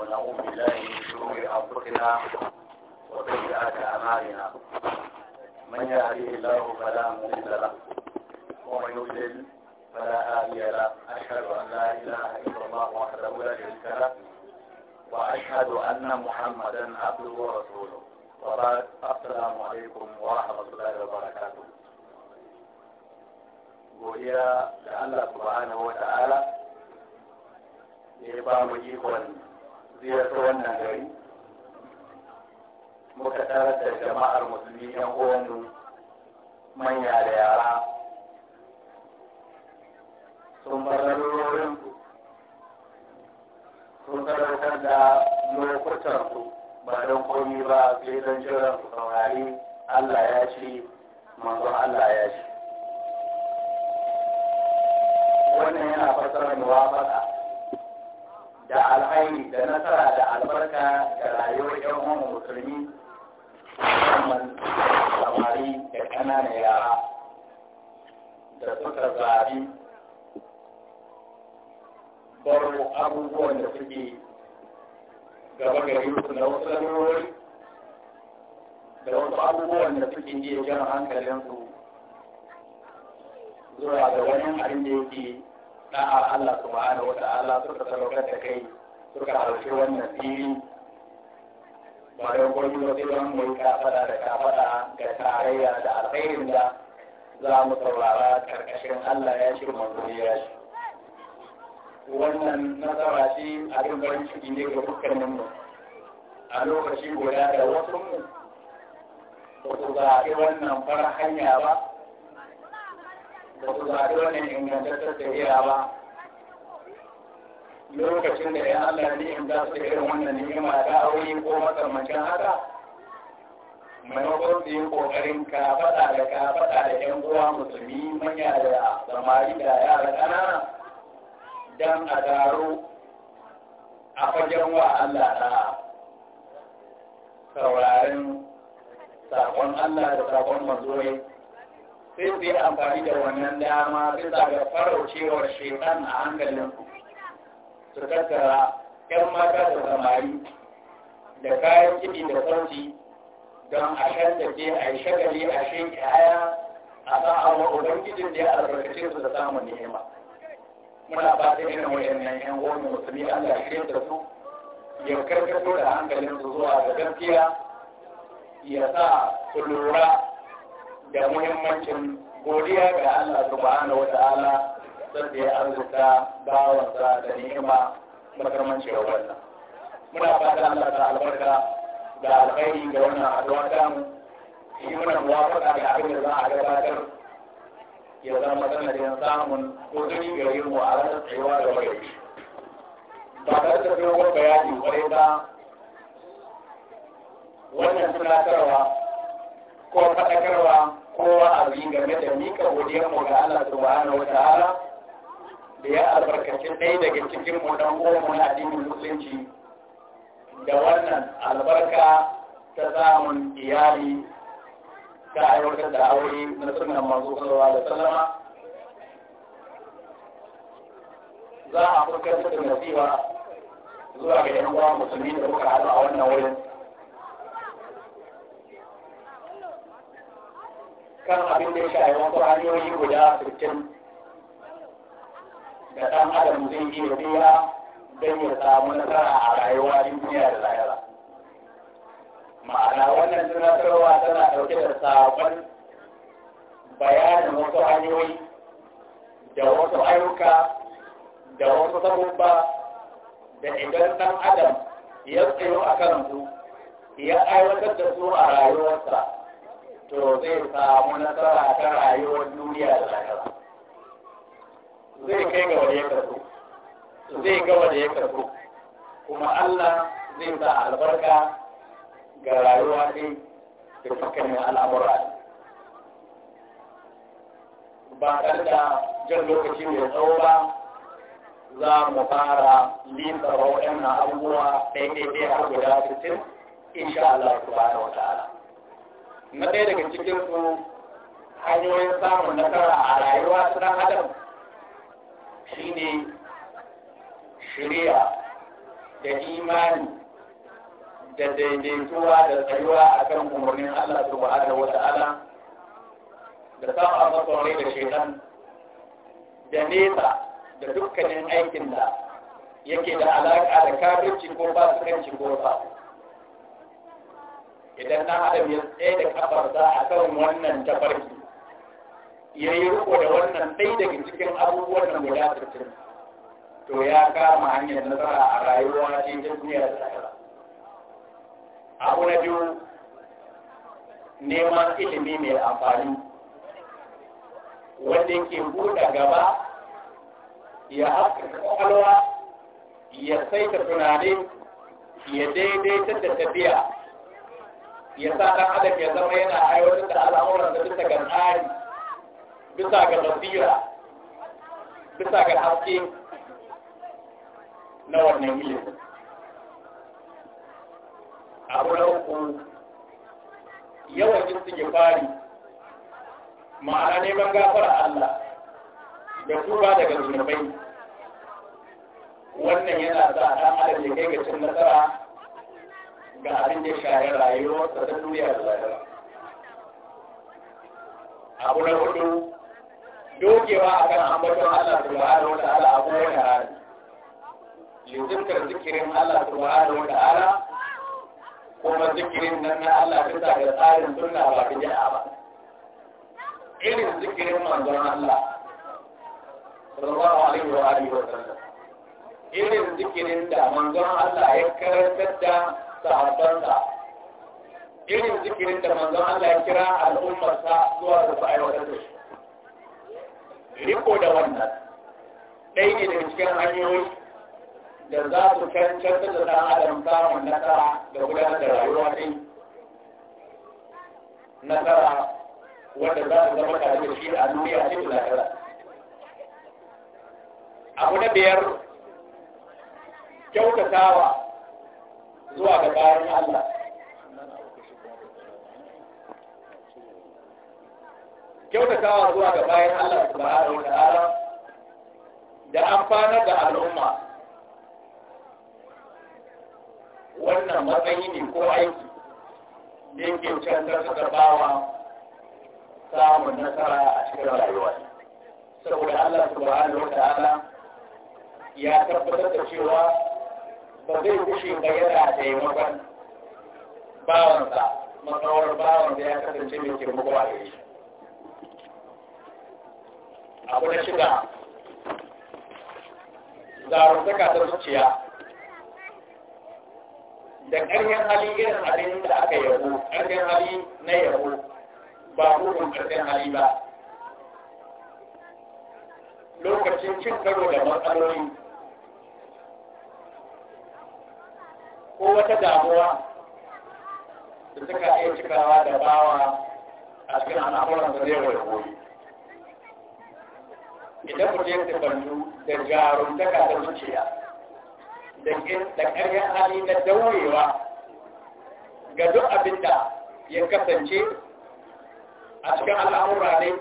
ونعوذ بالله من شرور أنفسنا وسيئات أعمالنا من يهديه الله فلا مضل له ومن يضلل فلا هادي له أشهد أن لا إله إلا الله وحده لا شريك له وأشهد أن محمدا عبده ورسوله وبعد السلام عليكم ورحمة الله وبركاته وهي da Allah subhanahu wa da ya ba mu ikon ziyarta wannan gari muka tarar da jama'ar musulmi yan uwanmu manya da yara sun bar lalurorin sun sadaukar da lokutan ba don komi ba sai don jiran su saurari Allah ya ce manzo Allah ya ce wannan yana wa muwafaka da alhaini da nasara da albarka ga rayuwar yan uwan musulmi musamman samari da ƙananan yara da suka zaɓi baro abubuwan da suke gaba gari su na wasu lalurori da wasu abubuwan da suke iya jan hankalinsu zuwa ga wani abin da yake da'a Allah subhanahu wa ta'ala suka sadaukar da kai suka harshe wannan fili bayan da wasu yan mai kafada da kafada ga tarayya da alkhairin da za mu saurara karkashin Allah ya shi manzo ya shi wannan nasara shi abin farin ciki ne ga dukkanin mu a lokaci guda da wasu mu ba su zaɓi wannan farar hanya ba ba su zaɓi wannan ingantattar tafiya ba lokacin da ya Allah ni in za su irin wannan ni'ima ta aure ko makamancin haka maimakon su yi ƙoƙarin faɗa da ka faɗa da ƴan uwa musulmi manya da samari da yara ƙanana dan a taro a fagen wa Allah na saurarin sakon Allah da saƙon manzo sai su yi amfani da wannan dama bisa ga faraucewar shaitan a hankalin su tattara ‘yan mata da samari da kayan kiɗi da sauti don a shan ke a yi shagali a shi kaya a sa awa ubangijin da ya albarkace su da samun ni'ima muna ta irin wayannan ‘yan wani musulmi Allah shi da su ya karkato da hankalin su zuwa ga gaskiya ya sa su lura da muhimmancin godiya ga Allah subhanahu wa ta'ala sai ya arzuta sa da ni'ima makamancin wannan muna fata Allah ta albarka da alkhairi ga wannan addu'a ta mu shi muna muwafaqa ga abin da za a gabatar ya zama da samun kuzuri ga yin mu a ranar tsayuwa da bai ba tare da dogon bayani kwarai ba wannan tunatarwa ko faɗakarwa kowa abin game da mika godiyar mu ga Allah subhanahu wa ta'ala da ya albarkaci ɗaya daga cikin mu dan uwan addinin musulunci da wannan albarka ta samun iyali ta aiwatar da aure na sunan manzo sallallahu alaihi wasallama za a furkar da nasiha zuwa ga yan uwa musulmi da muka haɗu a wannan wurin kan abin da ya shafi wasu hanyoyi guda sittin da ɗan adam zai iya biya don ya samu nasara a rayuwa duniya da lahira ma'ana wannan tunatarwa tana ɗauke da sabon bayanin wasu hanyoyi da wasu ayyuka da wasu sabubba da idan ɗan adam ya tsayo a kansu ya aiwatar da su a rayuwarsa to zai samu nasara ta rayuwar duniya da lahira zai kai ga wanda ya kaso zai ga wanda ya kaso kuma Allah zai sa albarka ga rayuwa ne da dukkanin al'amura ba tare jan lokaci mai tsawo ba za mu fara linta wa'annan abubuwa ɗaya ɗaya har guda 60 insha Allah subhanahu wata ala. na ɗaya daga cikin su hanyoyin samun nasara a rayuwa ta ɗan adam shine shirya da imani da daidaituwa da tsayuwa a kan umarnin Allah subhanahu wata ala da samun abubuwan da shekan da nesa da dukkanin aikin da yake da alaƙa da kafirci ko fasikanci ko ba idan ɗan adam ya tsaye da a kan wannan tafarki ya yi riko da wannan ɗai daga cikin abubuwan da guda cikin, to ya kama hanyar nasara a rayuwa ce ta duniya da abu na biyu neman ilimi mai amfani wanda ke buɗe gaba ya haskaka kwakwalwa ya saita tunanin ya daidaitar da tafiya ya sa ɗan adam ya zama yana aiwatar da al'amuran da bisa ga tsari bisa ga nasira bisa ga haske na wannan ilimin abu na uku yawan fari. ma'ana neman gafara Allah da tuba daga zunubai wannan yana sa ɗan adam ya kai ga cin nasara Da abin da shaye rayuwarsa ta duniya da lahira abu na hudu dogewa a kan ambaton Allah subhanahu wa ta'ala a kowane hali lizimtar zikirin Allah subhanahu wa ta'ala kuma zikirin nan na Allah bisa ga tsarin suna ba ta ja'a ba irin zikirin manzon Allah sallallahu alaihi wa alihi wa sallam irin zikirin da manzon Allah ya karantar da sahabbansa irin zikirin da manzon Allah ya kira al'ummarsa zuwa da su aiwatar da shi riko da wannan ɗaya ne daga cikin hanyoyi da za su cancantar da ɗan adam samun nasara da gudanar da rayuwa ɗin nasara wanda za su zama tare da shi a duniya ce da lahira abu na biyar kyautatawa zuwa ga bayan Allah kyautatawa zuwa ga bayan Allah subhanahu wa ta'ala da amfanar da al'umma wannan matsayi ne ko aiki da yake canza suka bawa samun nasara a cikin rayuwa saboda Allah subhanahu wa ta'ala ya tabbatar da cewa ba zai kushe ba yana da yamakon bawansa matsawar bawan da ya kasance mai ke mukuwa da shi abu na shida zaruntaka ta zuciya da ƙarfin hali irin halin da aka yabo ƙarfin hali na yabo ba bugun ƙarfin hali ba lokacin cin karo da matsaloli ko wata damuwa da suka iya cikawa da bawa a cikin al'amuran da zai warkoyi idan ku je ku bandu da jarumtaka da zuciya da ƙarfin hali na daurewa ga duk abin da ya kasance a cikin al'amura ne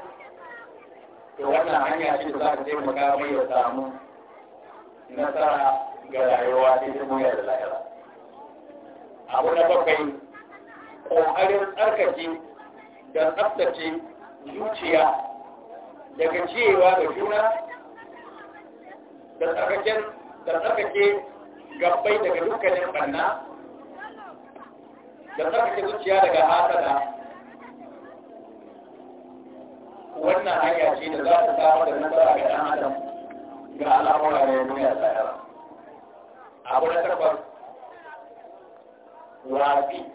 to wannan hanya ce da za ka mu mai ya samu nasara ga rayuwa ta duniya da lahira abu na bakwai ƙoƙarin tsarkake da tsaftace zuciya daga cewa da juna da tsarkake gabbai daga dukkanin banna da tsarkake zuciya daga hasada wannan hanya ce da za ta samu da nasara ga ɗan adam ga al'amura da ya yasa tsayar abu na takwas wafi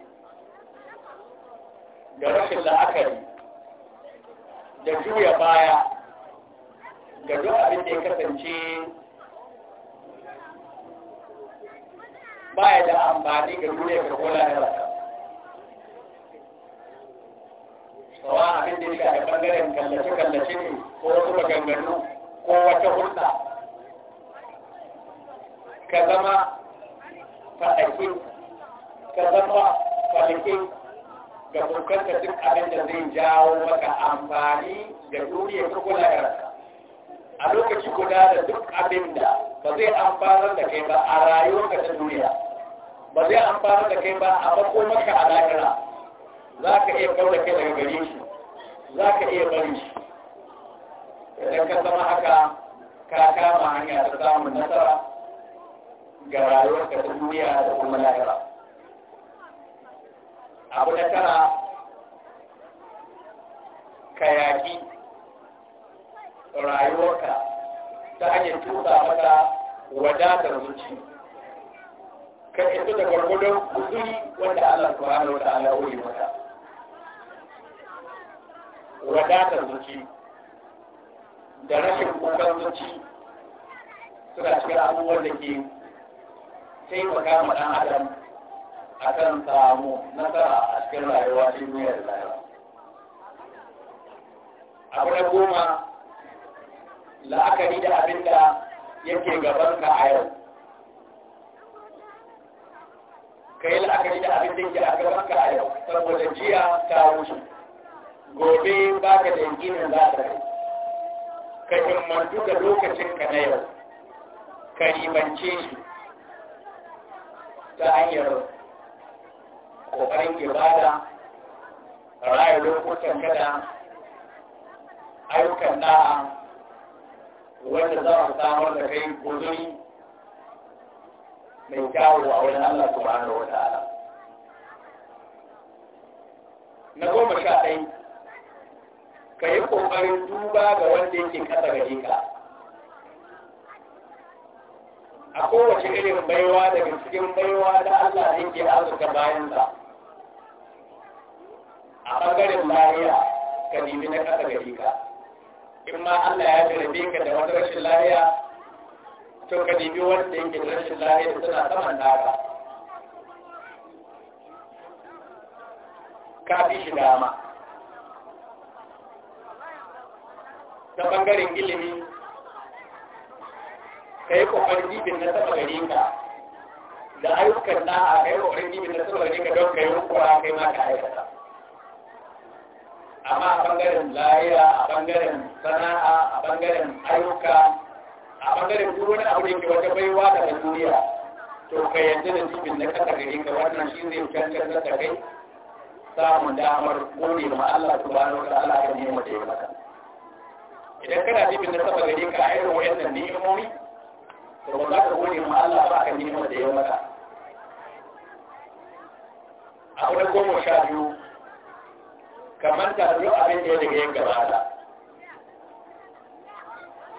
da rashin la'akari da juya baya da duk abin da ya kasance baya da amfani ga duniya ga kola da rasa sawa abin da ya da bangaren kallace-kallace ne ko wasu maganganu ko wata hulɗa ka zama faɗaƙi ka zama kwalikin ga bukatar duk abin da zai jawo maka amfani da duniya ko lahirarka a lokaci guda da duk abin da ba zai amfanar da kai ba a rayuwarka ta duniya ba zai amfanar da kai ba a bako maka a lahira za ka iya kawo kai daga gare shi za ka iya bari shi idan ka zama haka ka kama hanya ta samun nasara ga rayuwarka ta duniya da kuma lahira abu na tara ka yaki rayuwarka ta hanyar tusa mata wadatar zuci ka isa da gwargwadon kuzuri wanda Allah subhanahu hana wata ya mata wadatar zuci da rashin kukan zuci suna cikin abubuwan da ke taimaka ma ɗan adam akan samu nasara a cikin rayuwa duniyar rayuwa akwai goma la'akari da abin da gaban ka a yau ka yi la'akari da abinda da yake a ka a yau saboda jiya ta wuce gobe ba ka da yankinin za ka yi ka himmantu da lokacinka na yau ka ribance shi ta hanyar kokarin ibada raya lokutan gada ayyukan da'a wanda za a samar da kai guzuri mai kyawu a wurin Allah subhanahu wata'ala na goma sha ɗai ka yi ƙoƙarin duba ga wanda yake kasa gare ka a kowace irin baiwa daga cikin baiwa da Allah yake azuka bayansa a bangaren lahiya ka nemi na kasa gari ka in ma Allah ya jarabe ka da wata rashin lahiya to ka nemi wanda yake da rashin lahiya suna saman naka ka fi shi dama ta bangaren ilimi ka yi ƙoƙarin jibin na sama gari ka da ayyukan na a kai ƙoƙarin jibin na sama gari ka don ka yi hukura kai ma ka aikata amma a bangaren layira a bangaren sana'a a bangaren ayyuka a bangaren duk wani abu da wata baiwa da duniya to ka yanzu da cikin na kasa gari ka wannan shi zai cancantar da kai samun damar gode ma Allah subhanahu Allah ya kan yi ya maka idan kana cikin na kasa gari ka ayyuka wayannan ni'imomi to ba za ka gode ma Allah ba ka kan yi ya maka a wani goma sha biyu kamar ta duk abin da ya daga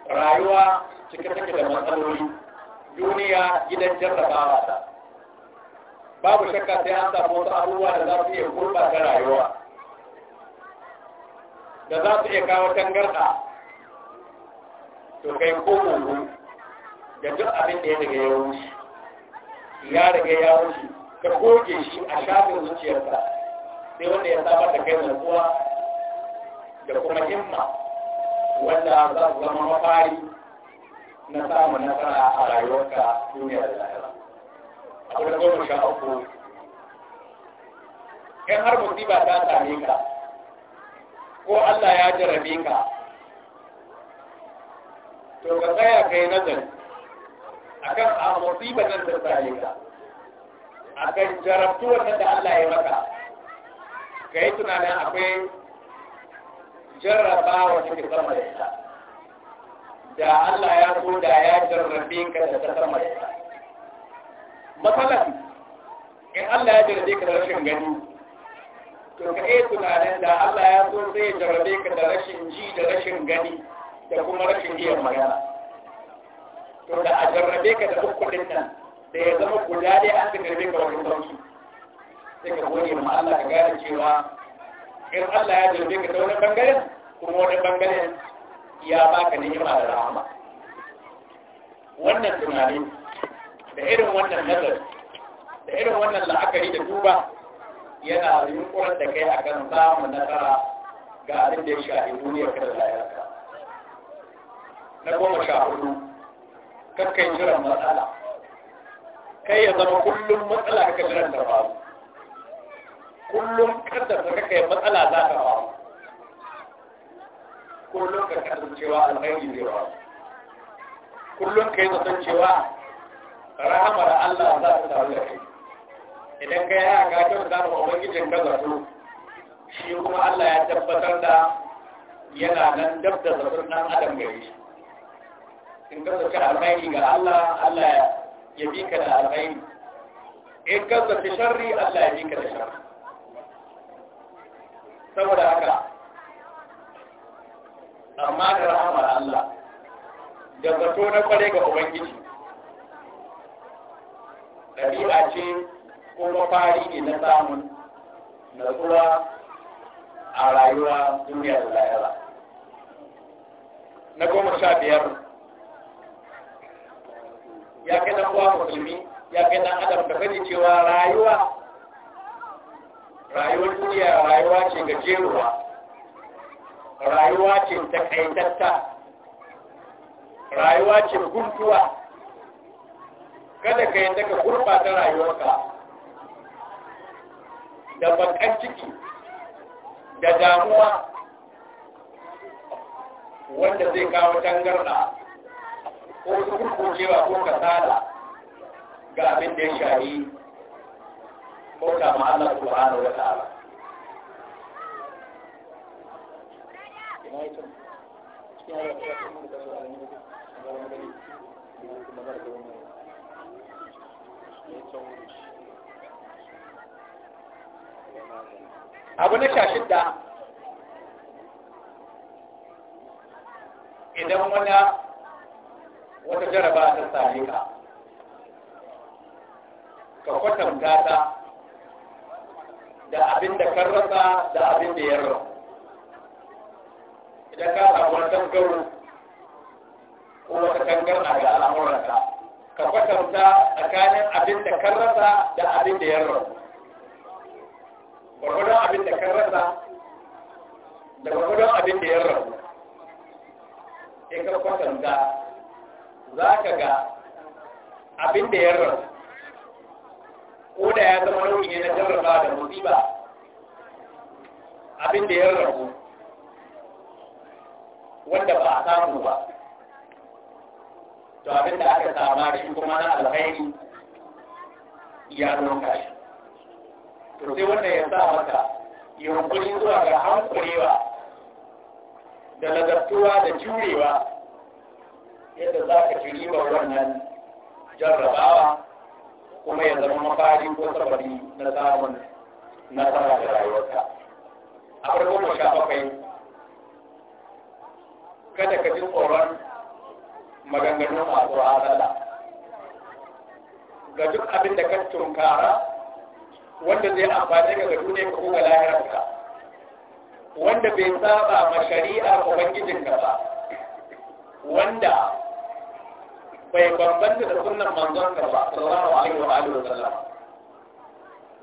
yin rayuwa cike take da matsaloli duniya gidan jarrabawa ta babu shakka sai an samu wasu abubuwa da za su iya ta rayuwa da za su iya kawo tangarɗa to kai ko kogo da duk abin da ya daga ya wuce ya daga ya wuce ka goge shi a shafin zuciyarsa sai wanda ya samar da kai nutsuwa da kuma himma wanda za su zama mafari na samun nasara a rayuwarka duniya da lahira abu da goma sha uku in har musiba ta same ka ko Allah ya jarabe ka to ka tsaya kai nazari akan a musibar nan ta same ka kan jarabtuwar da Allah ya maka ka yi tunanin akwai jarrabawa wa shi da ita da Allah ya so da ya jarrabe ka da ta sama da ita matsalan in Allah ya jarrabe ka da rashin gani to ka yi tunanin da Allah ya so zai jarrabe ka da rashin ji da rashin gani da kuma rashin iya magana to da a jarrabe ka da duk nan da ya zama guda dai an jarrabe ka wajen sauki sai ka gode ma Allah ka gane cewa in Allah ya jirbe ka ta wani bangaren kuma wani bangaren ya baka ni'ima da rahama wannan tunanin da irin wannan nazari da irin wannan la'akari da duba yana yunkurar da kai akan samun nasara ga abin da ya shafi duniyar ka da layarka na goma sha hudu kakkan jiran matsala kai ya zama kullum matsala ka jiran da babu kullum kada ka kai matsala za ka ba kullum ka kasancewa alkhairi ne ba kullum ka yi zaton cewa rahamar Allah za ta samu da kai idan ka yi haka ta za ka ubangijin ka zato shi kuma Allah ya tabbatar da yana nan dab da zaton nan adam gari in ka zaci alkhairi ga Allah Allah ya bi ka da alkhairi in ka zaci sharri Allah ya bi ka da sharri saboda haka amma da rahamar Allah da zato na kware ga ubangiji ɗabi'a ce ko fari ne na samun natsuwa a rayuwa duniya da lahira na goma sha biyar ya kai dan uwa musulmi ya kai dan adam da sani cewa rayuwa rayuwar duniya rayuwa ce gajeruwa rayuwa ce takaitatta rayuwa ce guntuwa kada ka daga ka gurɓata rayuwarka da bakan ciki da damuwa wanda zai kawo tangarda ko su kurkucewa ko kasala ga abin da ya shahi bauta ma Allah subhanahu wa ta'ala abu na sha shidda idan wani wata jaraba ta same ka kwatanta ta da abin da kan rasa da abin da ya idan ka samu wata tangaro ko wata a ga al'amuranta ka kwatanta tsakanin abin da kan rasa da abin da ya rasa gwargwadon abin da kan rasa da gwargwadon abin da ya rasa ka kwatanta za ka ga abin da ya ko da ya zama nauyi ne na jarraba da musiba abin da ya rabu wanda ba a samu ba to abin da aka sama da shi kuma na alhaini ya zama shi to sai wanda ya sa maka yunkuri zuwa ga hankulewa da nazartuwa da jurewa yadda za ka ci ribar wannan jarrabawa kuma ya zama mafari ko sabari na samun nasara da rayuwarka a farko sha bakwai kada ka ji tsoron maganganun masu hasala ga duk abin da ka tunkara wanda zai amfani ka ga duniya ka kuma lahirarka wanda bai saba ma shari'ar ubangijinka ba wanda bai bambanta da sunan manzon ka ba sallallahu alaihi wa alihi wasallam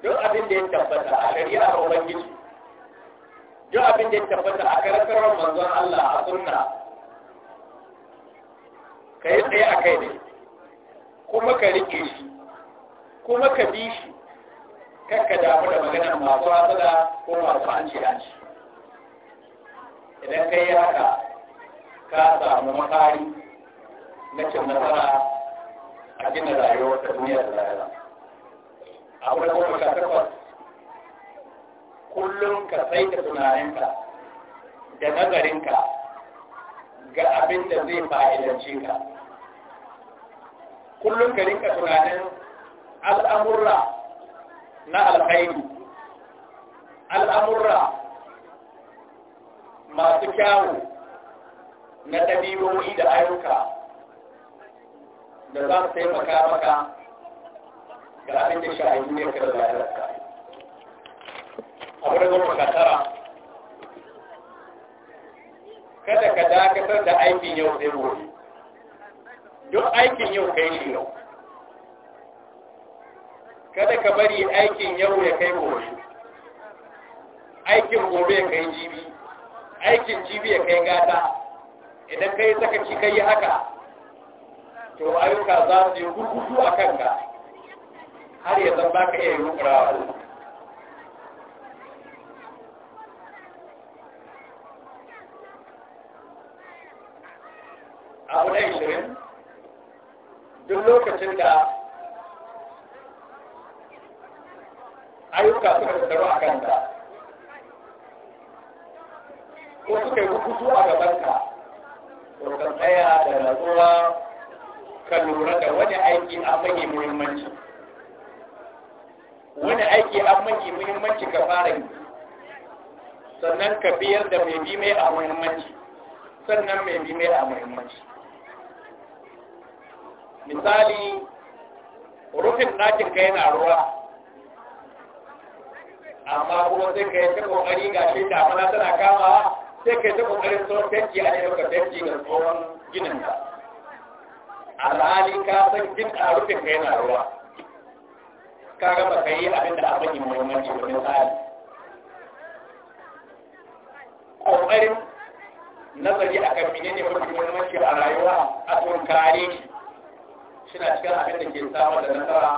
duk abin da ya tabbata a shari'ar ubangiji duk abin da ya tabbata a karkarwar manzon Allah a sunna ka yi tsaye a kai ne kuma ka rike shi kuma ka bi shi ka damu da maganar masu hasada ko masu hanci hanci idan ka yi haka ka samu makari na cin nasara a gina rayuwar ta duniya da lahira abu da goma sha takwas kullum ka saita tunaninka da nazarinka ga abin da zai fa'idance ka kullum ka rinka tunanin al'amurra na alkhairi al'amurra masu kyawu na ɗabi'o'i da ayyuka da za su taimaka maka ga abin da shi a yi ne ka da lafiyarka abu da goma tara kada ka dakatar da aikin yau sai gobe duk aikin yau kai shi yau kada ka bari aikin yau ya kai gobe aikin gobe ya kai jibi aikin jibi ya kai gata idan kai sakaci kai haka to ayyuka za su yi gurgudu a kanka har ya zan baka iya yi rukurawa abu na ishirin duk lokacin da ayyuka suka tattaru a kanka ko suka yi rukutu a gabanka ko kan tsaya da natsuwa ka lura da wani aiki a mafi muhimmanci wani aiki a mafi muhimmanci ka fara yi sannan ka biyar da mai bi mai a muhimmanci sannan mai bi mai a muhimmanci misali rufin ɗakin ka yana ruwa amma kuma sai ka yi ta ƙoƙari ga shi damana tana kama sai ka yi ta ƙoƙarin tsohon tanki a yau ka tanki ga tsohon gininka alhali ka san jin karufin ka yana ruwa ka gaba ka yi abin da abin yin muhimmanci wani tsari ƙoƙarin nazari a kan fiye ne mafi muhimmanci a rayuwa a tun kare shi na cikin abin da ke samar da nasara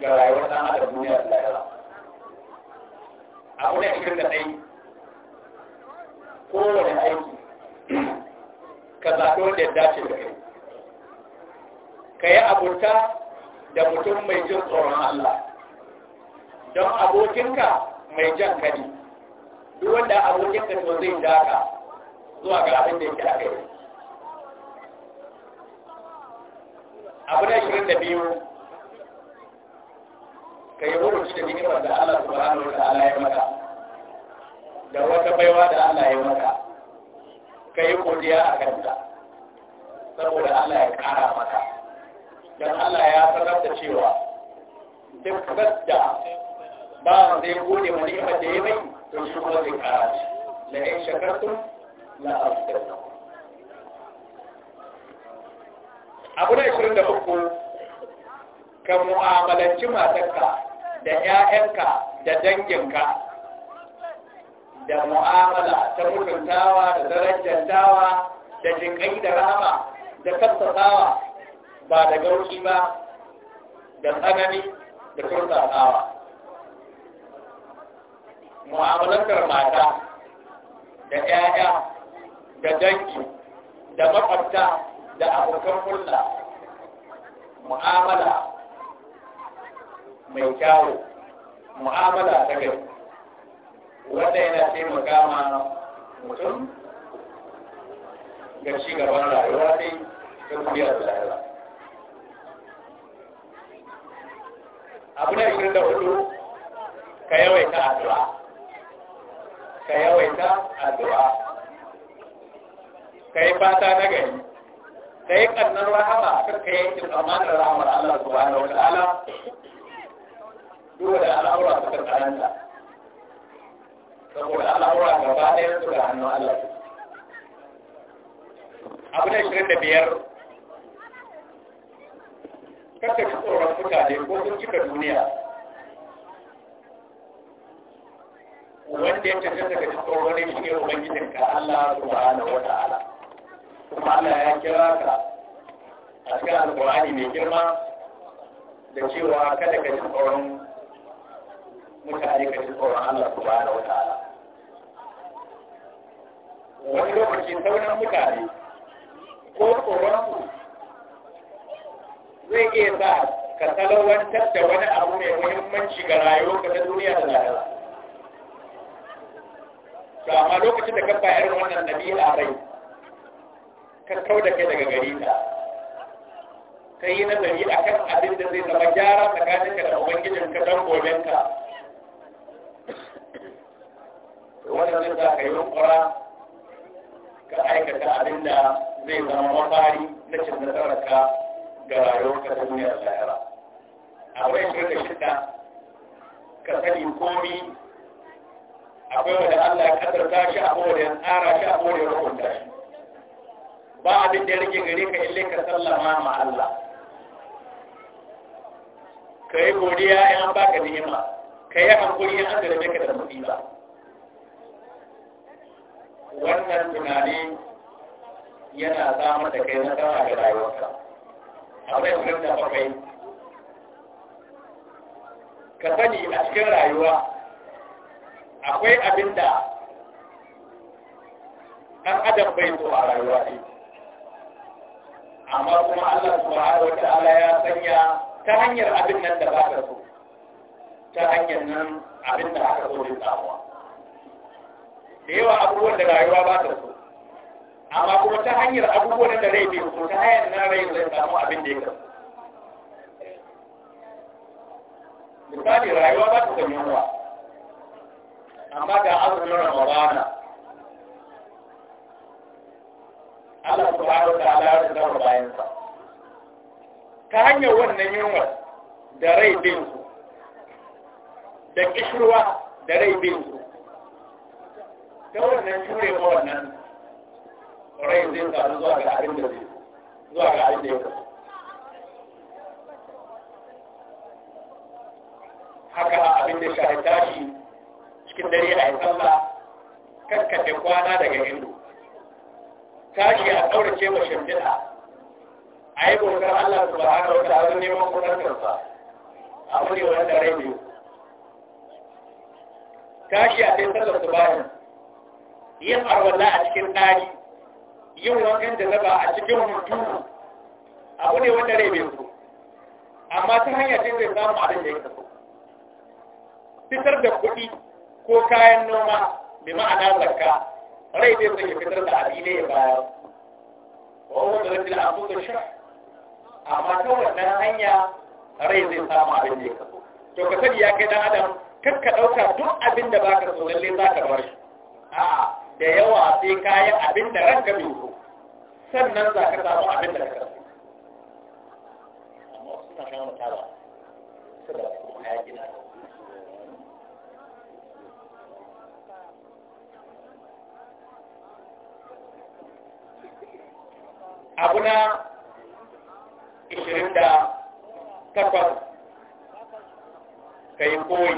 ga rayuwar ɗan adam duniya da lahira abu ne shirin da ɗai kowane aiki ka zaɓi wanda ya dace da kai ka yi abota da mutum mai jin tsoron Allah don abokinka mai jan kadi duk wanda abokinka to zai daka zuwa ga abin da yake a kai abu na shirin da biyu ka yi shi da ni'imar da Allah subhanahu wa ta'ala ya maka da wata baiwa da Allah ya maka ka yi godiya a kanta saboda Allah ya kara maka don Allah ya sanar da cewa duk da ba zai gode wa ni'imar da ya mai to shi kuma zai kara shi la in shakartum la astaghfiru abu na 23 ka mu'amalanci matarka da 'ya'yanka da danginka da mu'amala ta mutuntawa da darajantawa da jinƙai da rahama da tattasawa ba da gauci ba da tsanani da turtsawa mu'amalantar mata da 'ya'ya da dangi da makwabta da abokan hulɗa mu'amala mai kyawu mu'amala ta gari wanda yana taimaka ma mutum ga ci gaban rayuwa ne ta kuliyar da rayuwa abu na shirin da hudu ka yawaita addu'a ka yawaita addu'a ka yi fata na gari ka yi ƙannar rahama a kan ka yankin amanar rahamar Allah ba wa wata ala duwada al'aura su kan karanta saboda al'aura gaba ɗaya su da hannun Allah abu na shirin da biyar kaka ci tsoron mutane ko sun cika duniya wanda ya tafi daga cikin wani shi ne ubangijin ka Allah subhanahu wa ta'ala kuma Allah ya kira ka a cikin alƙur'ani mai girma da cewa kada ka ji tsoron mutane ka ji tsoron Allah subhanahu wa ta'ala wani lokaci sauran mutane ko tsoron su zai iya sa ka talawantar da wani abu mai muhimmanci ga rayuwa ta duniya da lalata. to amma lokacin da ka bayar wannan a rai ka kau da kai daga gari ta ka yi nazari a kan abin da zai zama gyara ka da ka don gobenka wannan za ka yi rukura ka aikata abin da zai zama mafari na cin nasararka ga rayuwarka ta duniyar lahira akwai shirka shidda ka sani komi akwai wanda Allah ya kaddarta shi akwai wanda ya tsara shi akwai wanda ya rukunta shi ba abin da ya rage gare ka ille ka sallama ma Allah ka yi godiya in an baka ni'ima ka yi hankuri in an garbe ka da musiba wannan tunani yana zama da kai na kama da rayuwarka abai abin da baka ka sani a cikin rayuwa akwai abin da ɗan adam bai zo a rayuwa ne amma kuma Allah subhanahu wa ta'ala ya sanya ta hanyar abin nan da ba ka so ta hanyar nan abin da aka so ne damuwa da yawa abubuwan da rayuwa ba ka so amma kuma ta hanyar abubuwan da rai bai ko ta hanyar na rai zai samu abin da ya kasu misali rayuwa ba ta san yunwa amma ga azumin ramadana Allah subhanahu wa ta'ala ya zama bayansa ta hanyar wannan yunwa da rai bin su da kishirwa da rai bin su ta wannan jure wannan rai zai samu zuwa ga abin da zai zuwa ga abin da ya kasu haka abin da shahi tashi cikin dare a yi sallah kakkace kwana daga hindu tashi a ɗaurace ma shimfiɗa a yi bautar Allah su ba haka wata abin neman kudantarsa a wuri wani dare biyu tashi a sai sallar su bayan yin arwala a cikin ɗari yin wankan da zaba a cikin hutu abu ne wanda rai bai so amma ta hanya ce zai samu abin da ya kaso fitar da kuɗi ko kayan noma bi ma'ana zarka rai bai so ya fitar da abin ne ya bayar wa wanda rai da abu da shi amma ta wannan hanya rai zai samu abin da ya kaso to ka sani ya kai dan adam kakka ka ɗauka duk abin da baka so lalle za ka bar shi a'a da yawa sai kayan abin da ranka bai so sannan za ka samu abin da ka samu amma suna shan mata ba su da kuma ya gina abu na ishirin da takwas ka yi koyi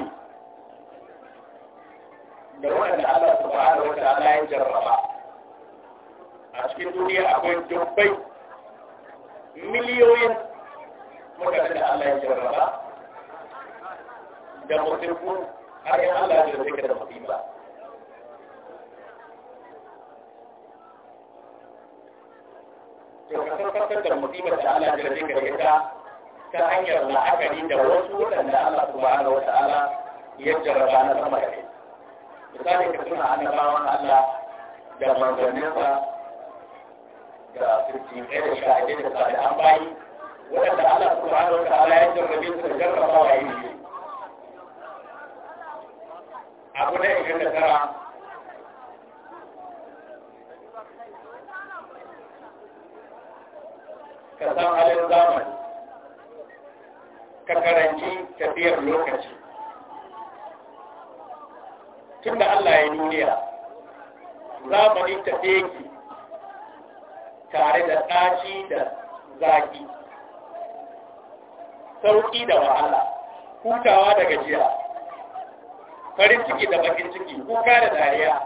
da waɗanda Allah subhanahu wa ta'ala ya jarraba a cikin duniya akwai dubbai miliyoyin mutane da Allah ya jarraba da musulmi har yin Allah ya jarrabe da musiba to ka tabbatar da musibar da Allah ya jarrabe ka ita ta hanyar la'akari da wasu waɗanda Allah subhanahu wa ta'ala ya jarraba na sama da kai misali ka tuna annabawan Allah da manzanninsa da sirkin ɗaya da shahadai da sa'ada'an bayi waɗanda Allah subhanahu wa ta'ala ya jarrabe su da jarrabawa yi biyu abu na ishirin da tara ka san halin zamani ka karanci tafiyar lokaci tun da Allah ya duniya zamani tafiye ki tare da ɗaci da zaki Sauki da wahala hutawa da gajiya farin ciki da bakin ciki kuka da dariya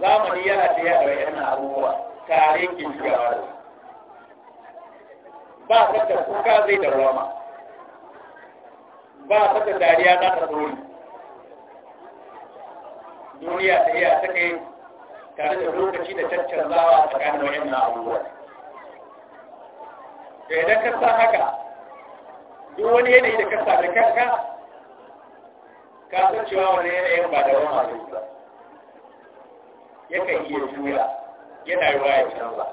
zamani yana da yawa yana abubuwa tare ke shigawa da ba saka kuka zai da roma ba saka dariya na ta duniya ta yi a kai tare da lokaci da caccanzawa a tsakanin wayan na abubuwa to idan ka sa haka duk wani yanayi da ka sami kanka ka san cewa wani yanayin ba da wani abu ba yakan iya juya yana ruwa ya canza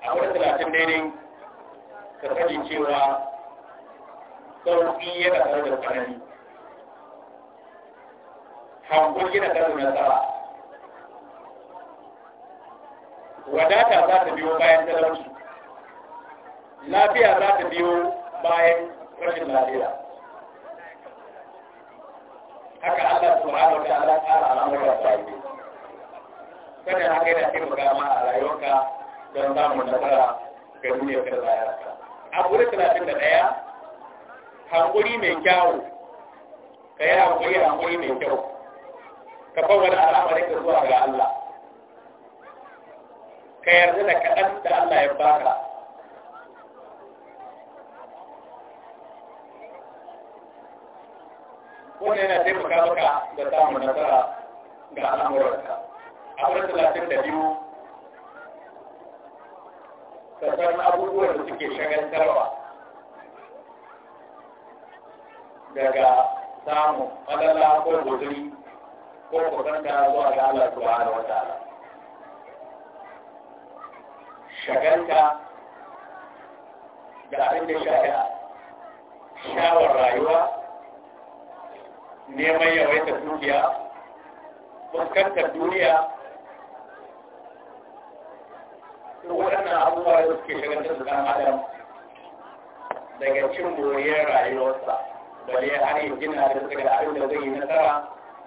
a wani talatin daidai ka sani cewa sauƙi yana tare da tsanani hanko gina kasu na tsara wadata za ta biyo bayan talauci lafiya za ta biyo bayan rashin lafiya haka Allah subhanahu wa ta'ala tsara al'amuran rayuwa kada haka yana taimaka ma a rayuwarka don samun nasara ga duniyar ka rayuwarka a gurin talatin da ɗaya hankuri mai kyawu ka yi hankuri hankuri mai kyau ka fawwada al'amarin ka zuwa ga Allah ka yarda da kaɗan da Allah ya baka wannan yana taimaka maka da samun nasara ga al'amuranka abin talatin da biyu sauran abubuwan da suke shagantarwa daga samun falala ko guzuri ko ku gangara zuwa ga Allah subhanahu wa ta'ala shagalta da abin da shaga shawar rayuwa neman yawaita dukiya fuskantar duniya waɗannan abubuwa da suke shagaltar da ɗan adam daga cin moriyar rayuwarsa bale har yi gina da suka da abin da zai yi nasara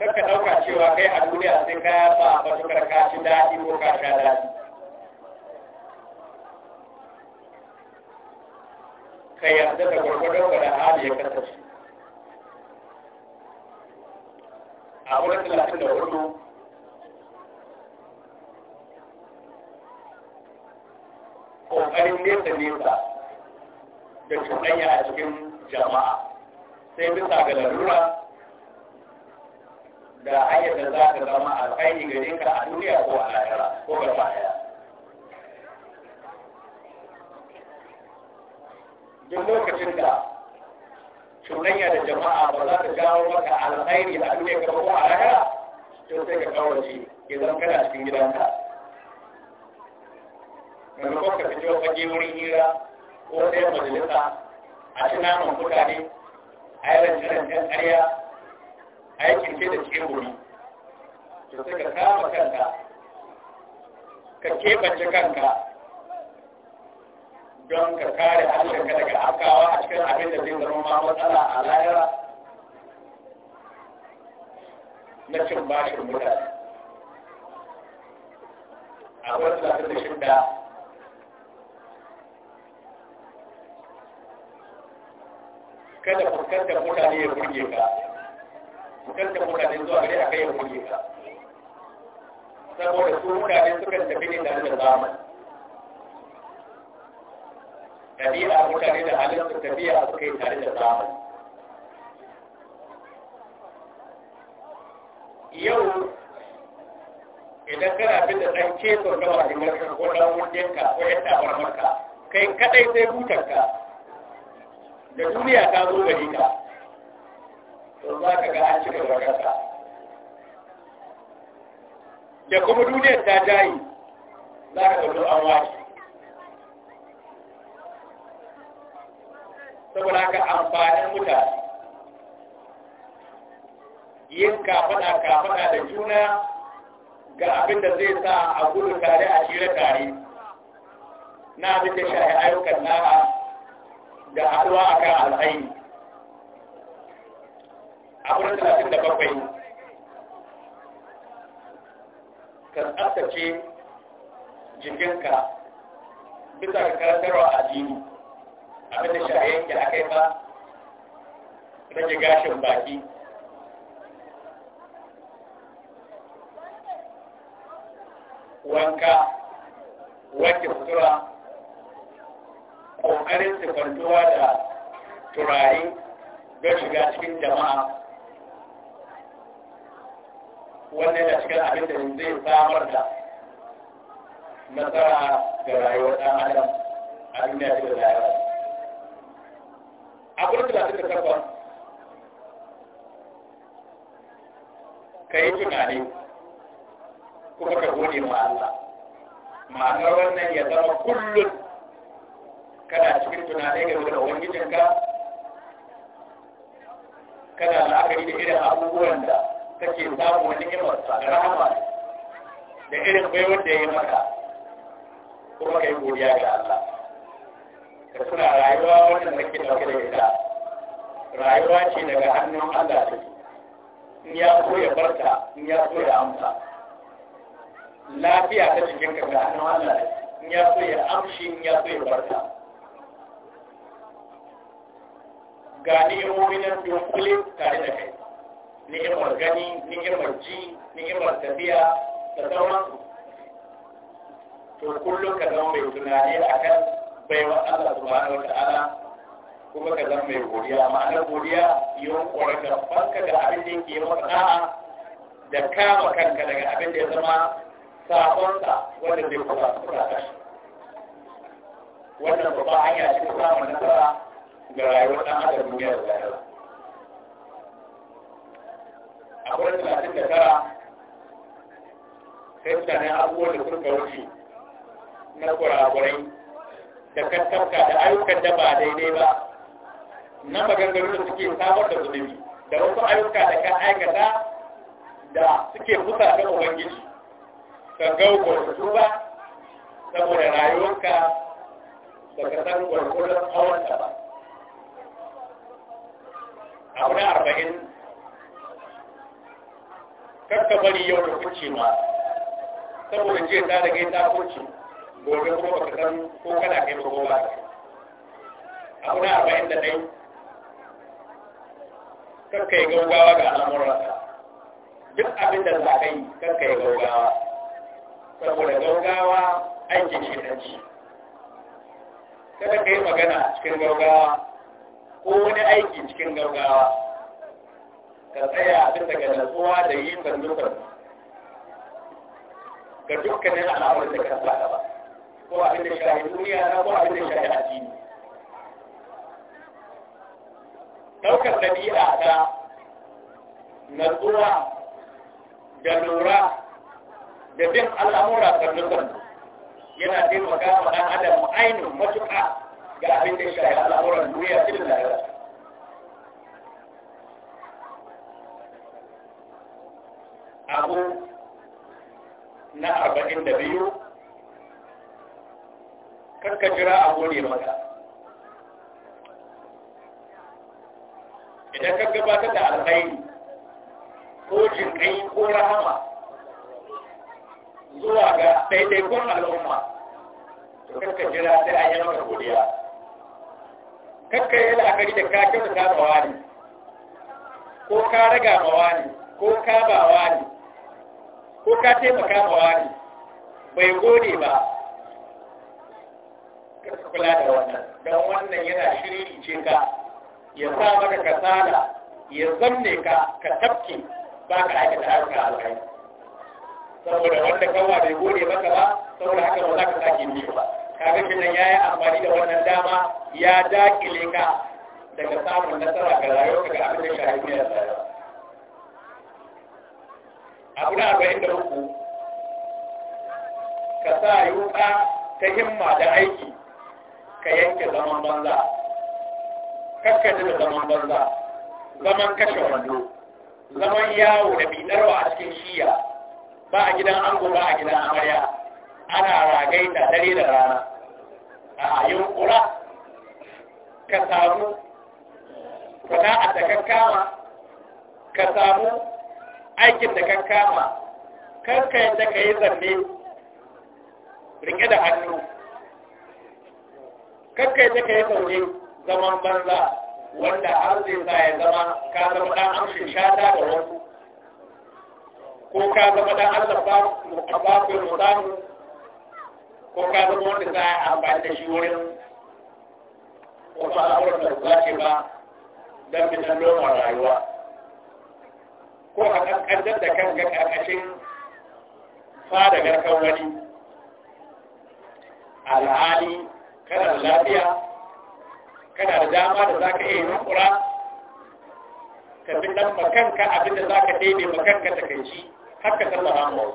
kakka dauka cewa kai a duniya sai ka ba matukar kashi daɗi ko kasha sha daɗi ka yarda da gwargwadon ka hali ya su. a wurin talatin da hudu ƙoƙarin nesa nesa da cuɗanya a cikin jama'a sai bisa ga lalura ga ayyar da za ka zama alkhairi gare ka a duniya ko a lahira ko ga baya duk lokacin da cunanya da jama'a ba za ta jawo maka alkhairi a duniya ko a lahira to sai ka kawace idan kana cikin gidanka maimakon ka fito fage wurin hira ko ɗaya majalisa a ci naman ne a yi rancen ƙarya aikin ke da ceburu to sai ka kama kanka ka keɓance kanka don ka kare ka daga afkawa a cikin abin da zai zama ma matsala a lahira na cin bashin mutane a wasu lafi da shida kada fuskantar mutane ya burge ka kan da mutane zuwa gare a kai da kuke ta saboda su mutane suka tafi ne da da zamani ɗabi'a mutane da halin su tafiya suka yi tare da zamani yau idan kana bin da ɗan keto na wajen ko ɗan wujenka ko ‘yan tabarmarka kai kaɗai sai hutarka da duniya ta zo gari ka to za ka ga an cika da kuma duniyar ta jayi za ka ɗauki an wace saboda ka amfanin mutane yin kafada kafada da juna ga abin da zai sa a gudu tare a shirya tare na abin da shahi ayyukan na'a da haɗuwa kan alhaini abu na talatin da bakwai ka tsaftace jikinka bisa ga karantarwa a jini abinda shayen ki aka yi ba rage gashin baki wanka wanke sutura ƙoƙarin sifantuwa da turare don shiga cikin jama'a wannan da cikin abin da zai samar da nasara ga rayuwar ɗan adam a duniya da rayuwa a kuma talatin da takwas ka yi tunani kuma ka gode ma Allah ma'ana wannan ya zama kullum kana cikin tunanai game wani jinka? kana la'akari da irin abubuwan da kake samu wani imarsa da rahama da irin bai wanda ya yi maka kuma ka yi godiya ga Allah da suna rayuwa wannan da ke ɗauke da ita rayuwa ce daga hannun Allah ta in ya so ya barka in ya so ya amsa lafiya ta cikin ka ga hannun Allah ta in ya so ya amshi in ya so ya barka ga yi nan don kullum tare da kai ni'imar gani ni'imar ji ni'imar tafiya da sauransu to kullum ka zama mai tunani a kan baiwa Allah subhanahu wata'ala kuma ka zama mai godiya ma'anar godiya yawan da banka da abin da yake maka da'a da kama kanka daga abin da ya zama sabonsa wanda zai kuma suka tashi wannan babban hanya ce ta samun nasara ga rayuwar ɗan adam duniya da rayuwa akwai talatin da tara sai mutane abubuwan da suka wuce na kurakurai da kattafka da ayyukan da ba daidai ba na maganganu da suke samar da zunubi da wasu ayyuka da kan aikata da suke kusa da ubangiji ka ga gwarzu ba saboda rayuwarka da kasar san gwargwaron tsawonta ba abu na arba'in kakka bari yau da kuce ma saboda jiya ta daga ta kuce gobe kuma baka san ko kana kai ba ko ba abu na arba'in da ɗai kakka yi gaugawa ga al'amuransa duk abin da za ka yi kakka yi gaugawa saboda gaugawa aikin shi ta ci kada ka yi magana cikin gaugawa ko wani aiki cikin gaugawa ka tsaya bisa ga natsuwa da yi sandukan ga dukkanin al'amuran da ka sa gaba ko abin da shahi duniya na ko abin da shahi addini Ɗaukar ɗabi'a ta natsuwa da lura da bin al'amura sandukan yana taimaka wa ɗan adam ainihin matuƙa ga abin da shahi al'amuran duniya cikin lahira abu na arba'in da biyu karka jira a gode maka idan ka gabatar da alkhairi ko jinkai ko rahama zuwa ga daidaikon al'umma to karka jira sai a yi maka godiya karka yi la'akari da ka kyautata mawa ne ko ka raga mawa ne ko ka bawa ne ko ka taimaka ma wani bai gode ba ka kula da wannan don wannan yana shiriri ce ka ya sa maka kasala ya zanne ka ka tafke ba ka aika da haka alkai saboda wanda kawa bai gode maka ba saboda haka ba za ka sake biyu ba kaga shi nan yayi amfani da wannan dama ya dakile ka daga samun nasara ga rayuwarka ga abin da ya rayuwa abin na arba'in da uku ka sa yi wuka ta himma da aiki ka yanke zaman banza kakkaji da zaman banza zaman kashe wando zaman yawo da binarwa a cikin shiya ba a gidan ango ba a gidan amarya ana ragai da dare da rana a kura ka samu sana'ar a kakkama ka samu aikin da ka kama kanka yadda ka yi zanne rike da hannu kanka yadda ka yi zaune zaman banza wanda har zai za ya zama ka zama ɗan amshin shata da wasu ko ka zama ɗan allafa mukabafin mutamu ko ka zama wanda za a amfani da shi wurin wasu al'amuran da ba ce ba don fitan lomar rayuwa ko a ƙasƙantar da kanka ƙarƙashin fada kan wani alhali kana da lafiya kana da dama da za ka iya hankura ka fi ɗan makanka abin da za ka daidai makanka ta kanci har ka hannu ma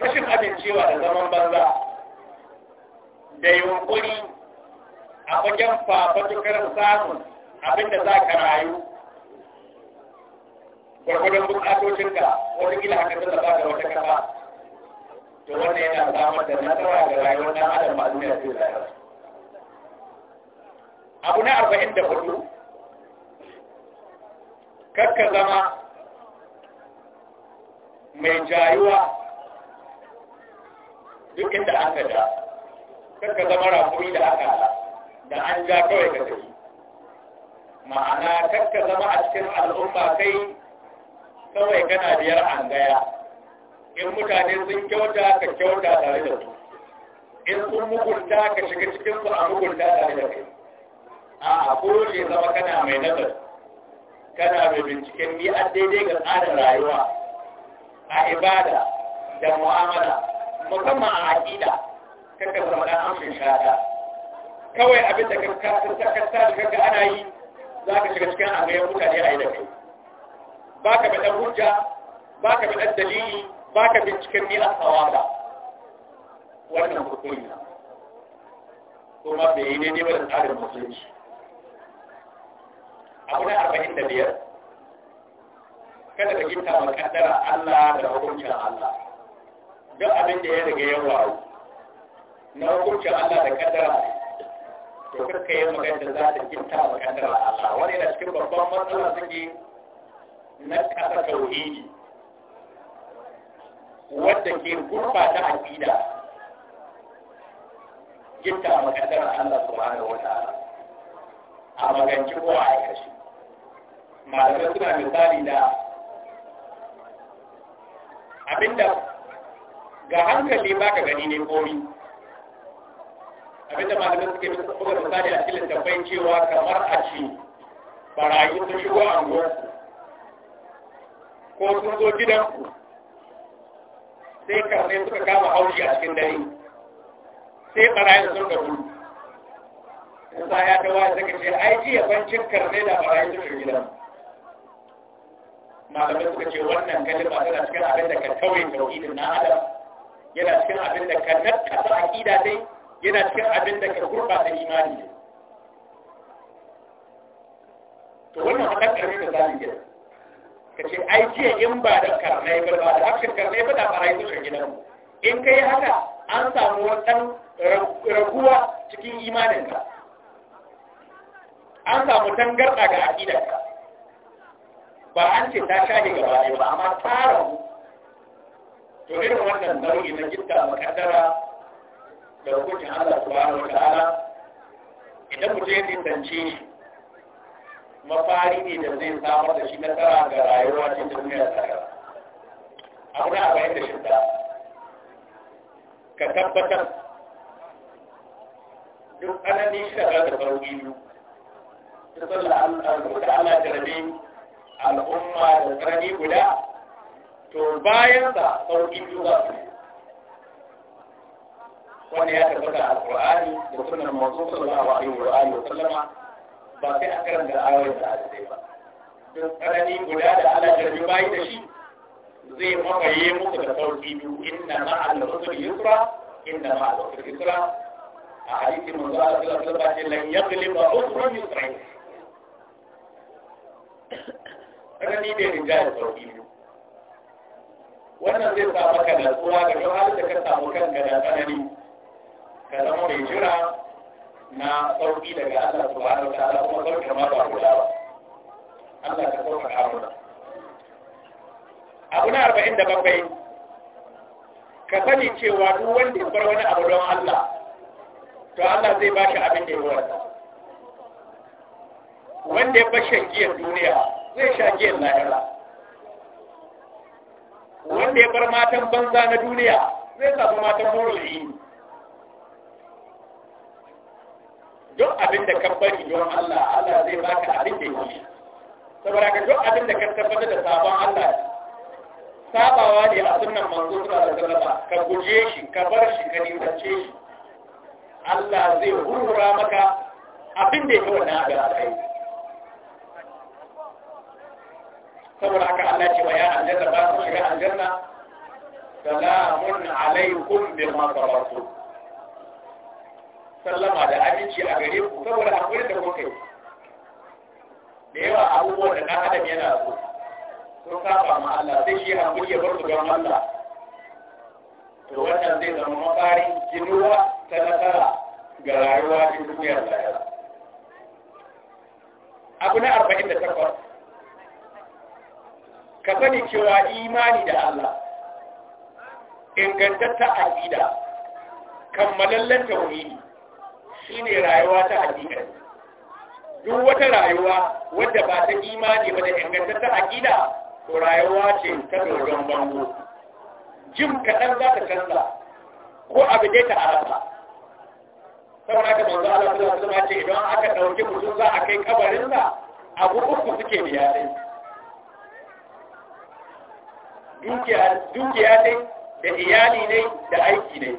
rashin amincewa da zaman banza da yunkuri a wajen fafatukar samun abinda za ka rayu gwargwadon bukatocinka wata gila haka ta zaba da wata kafa to wannan yana samar da nasara ga rayuwar ɗan adam a duniya zai rayuwa abu na arba'in da hudu kakka zama mai jayuwa duk inda aka ja kakka zama rafuri da aka da an ja kawai ka tafi ma'ana kakka zama a cikin al'umma kai kawai kana biyar an gaya in mutane sun kyauta ka kyauta tare da su in sun mugunta ka shiga cikin su a mugunta tare da kai a dole zama kana mai nazar kana mai binciken ni a daidai ga tsarin rayuwa a ibada da mu'amala musamman a aƙida kakka zama ɗan amshin shata kawai abin da ka kasa ana yi za ka shiga cikin hanyar mutane a yi da kai ba ka bi hujja ba ka bi ɗan dalili ba ka binciken ni a tsawaba wannan hukumi na kuma bai yi ne ba da tsarin musulunci abu na arba'in da biyar kada ka ginta wa kaddara Allah da hukuncin Allah duk abin da ya riga ya wawo na hukuncin Allah da kaddara to karka yi magana za ta gitta wa kadar Allah wani da cikin babban matsala suke na kasa tauhidi wadda ke gurbata aqida gitta wa kadar Allah subhanahu wa ta'ala a magance ko a aikace malamai suna misali da abinda ga hankali ba ka gani ne komi abinda Malamin suke bisa da misali a cikin tabbai cewa kamar a ce barayi sun shigo a ruwansu ko sun zo gidanku sai karne suka kama haushi a cikin dare sai barayi sun ga gudu Musa ya dawa suka ce ai jiya bancin karne da barayi sun shigo gidan Malamin suka ce wannan kalma tana cikin abin da ka kawai tauhidin na adam yana cikin abin da ka nakasa aqida dai yana cikin abin da ka da imani ne to wannan faɗar ƙarfi da zai gina ka ce ai jiya in ba da karnai ba ba da hakshin karnai ba da ɓarayi tushen shiga gidan in ka yi haka an samu wannan raguwa cikin imaninka an samu tangarɗa ga ka ba an ce ta shahe gaba ɗaya ba amma ta ragu to irin wannan nau'i na gitta makaddara da hukuncin Allah subhanahu wa ta'ala idan mutum ya tantance shi mafari ne da zai samar da shi nasara ga rayuwa cikin duniyar tsara abu na bayan da shidda ka tabbatar duk ananin shagar da sauki biyu ta tsalla al'adda ana jarabe al'umma da tsarani guda to bayan sa sauki biyu za su wani ya tabbata a Qur'ani da sunan manzo sallallahu alaihi wa alihi wa sallama ba sai a karanta ayoyin da aka ba don karani guda da Allah da ya bayi da shi zai mamaye muku da sauki biyu inna ma'al usri yusra inna ma'al usri yusra a hadisi manzo Allah sallallahu alaihi wa sallam lan yaghliba usrun yusra karani bai riga da sauki biyu wannan zai sa maka natsuwa da kuma halin da ka samu kanka da tsanani ka zama mai jira na sauki daga Allah subhanahu wa ta'ala kuma sauki ma ba guda ba Allah ka sauka hamuna abu na arba'in da bakwai ka sani cewa duk wanda ya bar wani abu don Allah to Allah zai ba shi abin da ya wata wanda ya bar shagiyar duniya zai sha shagiyar lahira wanda ya bar matan banza na duniya zai samu matan da yini. duk abin da ka bari don Allah Allah zai ka abin da yi. saboda ka duk abin da ka tabbata da sabon Allah sabawa ne a sunan manzo da alaihi ba, ka guje shi ka bar shi ka nisace shi Allah zai hurura maka abin da yake wannan abin kai. saboda ka Allah ce wa ya aljanna ba su shiga aljanna salamun alaikum bima sabartum sallama da aminci a gare ku saboda akwai da kuka yi da yawa abubuwan da ɗan adam yana so sun saba ma Allah sai shi haƙuri ya bar su don Allah to wannan zai zama makari ginuwa ta nasara ga rayuwa ta duniyar lahira abu na arba'in da takwas ka sani cewa imani da Allah ingantatta aƙida kammalallen tauhidi shine rayuwa ta hakika duk wata rayuwa wadda ba ta imani ba da ingantattar aƙida to rayuwa ce ta dogon bango jim kaɗan za ta canza ko abu dai ta arasa saboda ka manzo Allah sallallahu alaihi wasallam ce idan aka ɗauki mutum za a kai kabarinsa abu uku suke biya dai dukiya dukiya dai da iyali ne da aiki ne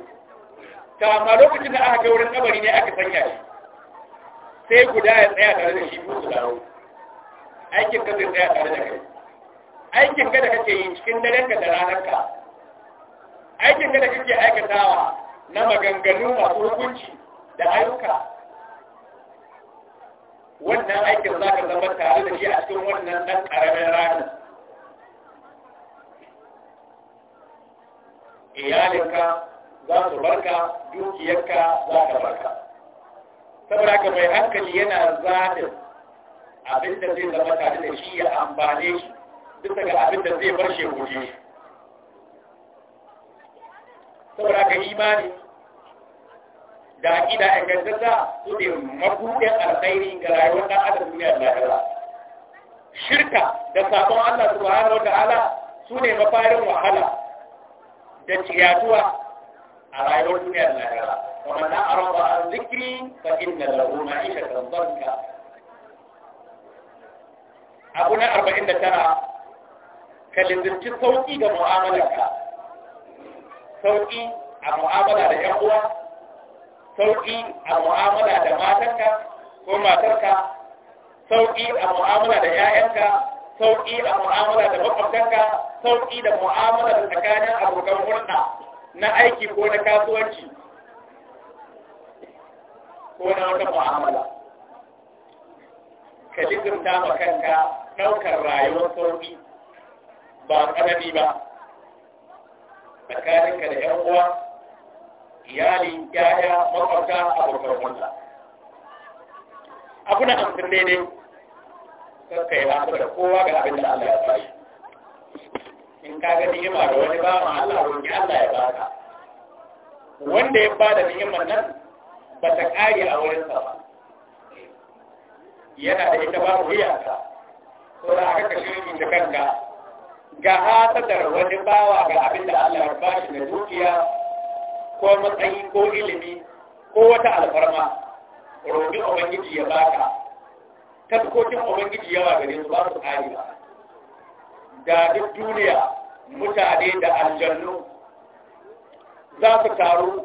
ta amma lokacin da aka kai wurin kabari ne aka sanya shi sai guda ya tsaya tare da shi ko su dawo aikin ka zai tsaya tare da kai aikin ka da kake yi cikin daren ka da ranar ka aikin ka da kake aikatawa na maganganu masu hukunci da ayyuka wannan aikin za ka zama tare da shi a cikin wannan ɗan ƙaramin ranar iyalinka za su barka dukiyarka za ka barka saboda ka mai hankali yana zaɗin abinda zai zama tare da shi ya amfane shi bisa ga abinda zai bar shi guje saboda haka imani da aƙida ingantacca su ne mabuɗin alkhairi ga rayuwar ɗan adam duniya lahira shirka da sabon Allah subhanahu wa ta'ala su ne mafarin wahala da ciyatuwa ومن أعرض عن ذكري فإن له معيشة ضنكا أبونا أربعين ترى كلمة صوتي كمعاملك صوتي المعاملة لإخوة صوتي المعاملة لماتك وماتك صوتي المعاملة لآيتك sauƙi المعاملة mu'amala da المعاملة sauƙi أبو mu'amala na aiki ko na kasuwanci ko na wata mu'amala ka jikinta ma kanka ɗaukar rayuwar sauki ba tsanani ba tsakaninka da ‘yan uwa iyali yaya makwabta abokan hulɗa abu na amfin daidai kakka yi da kowa ga abin da Allah ya in ka ga ni'ima da wani ba ma Allah roƙi Allah ya baka wanda ya bada ni'imar nan ba ta kare a wurin sa ba yana da ita ba babu ka. ko da aka kashe da kanka ga hasadar wani bawa ga abin da Allah ya bashi na dukiya ko matsayi ko ilimi ko wata alfarma roƙi ubangiji ya baka tabbokin ubangiji yawa gare su ba su kare ba da duk duniya mutane da aljannu za su taru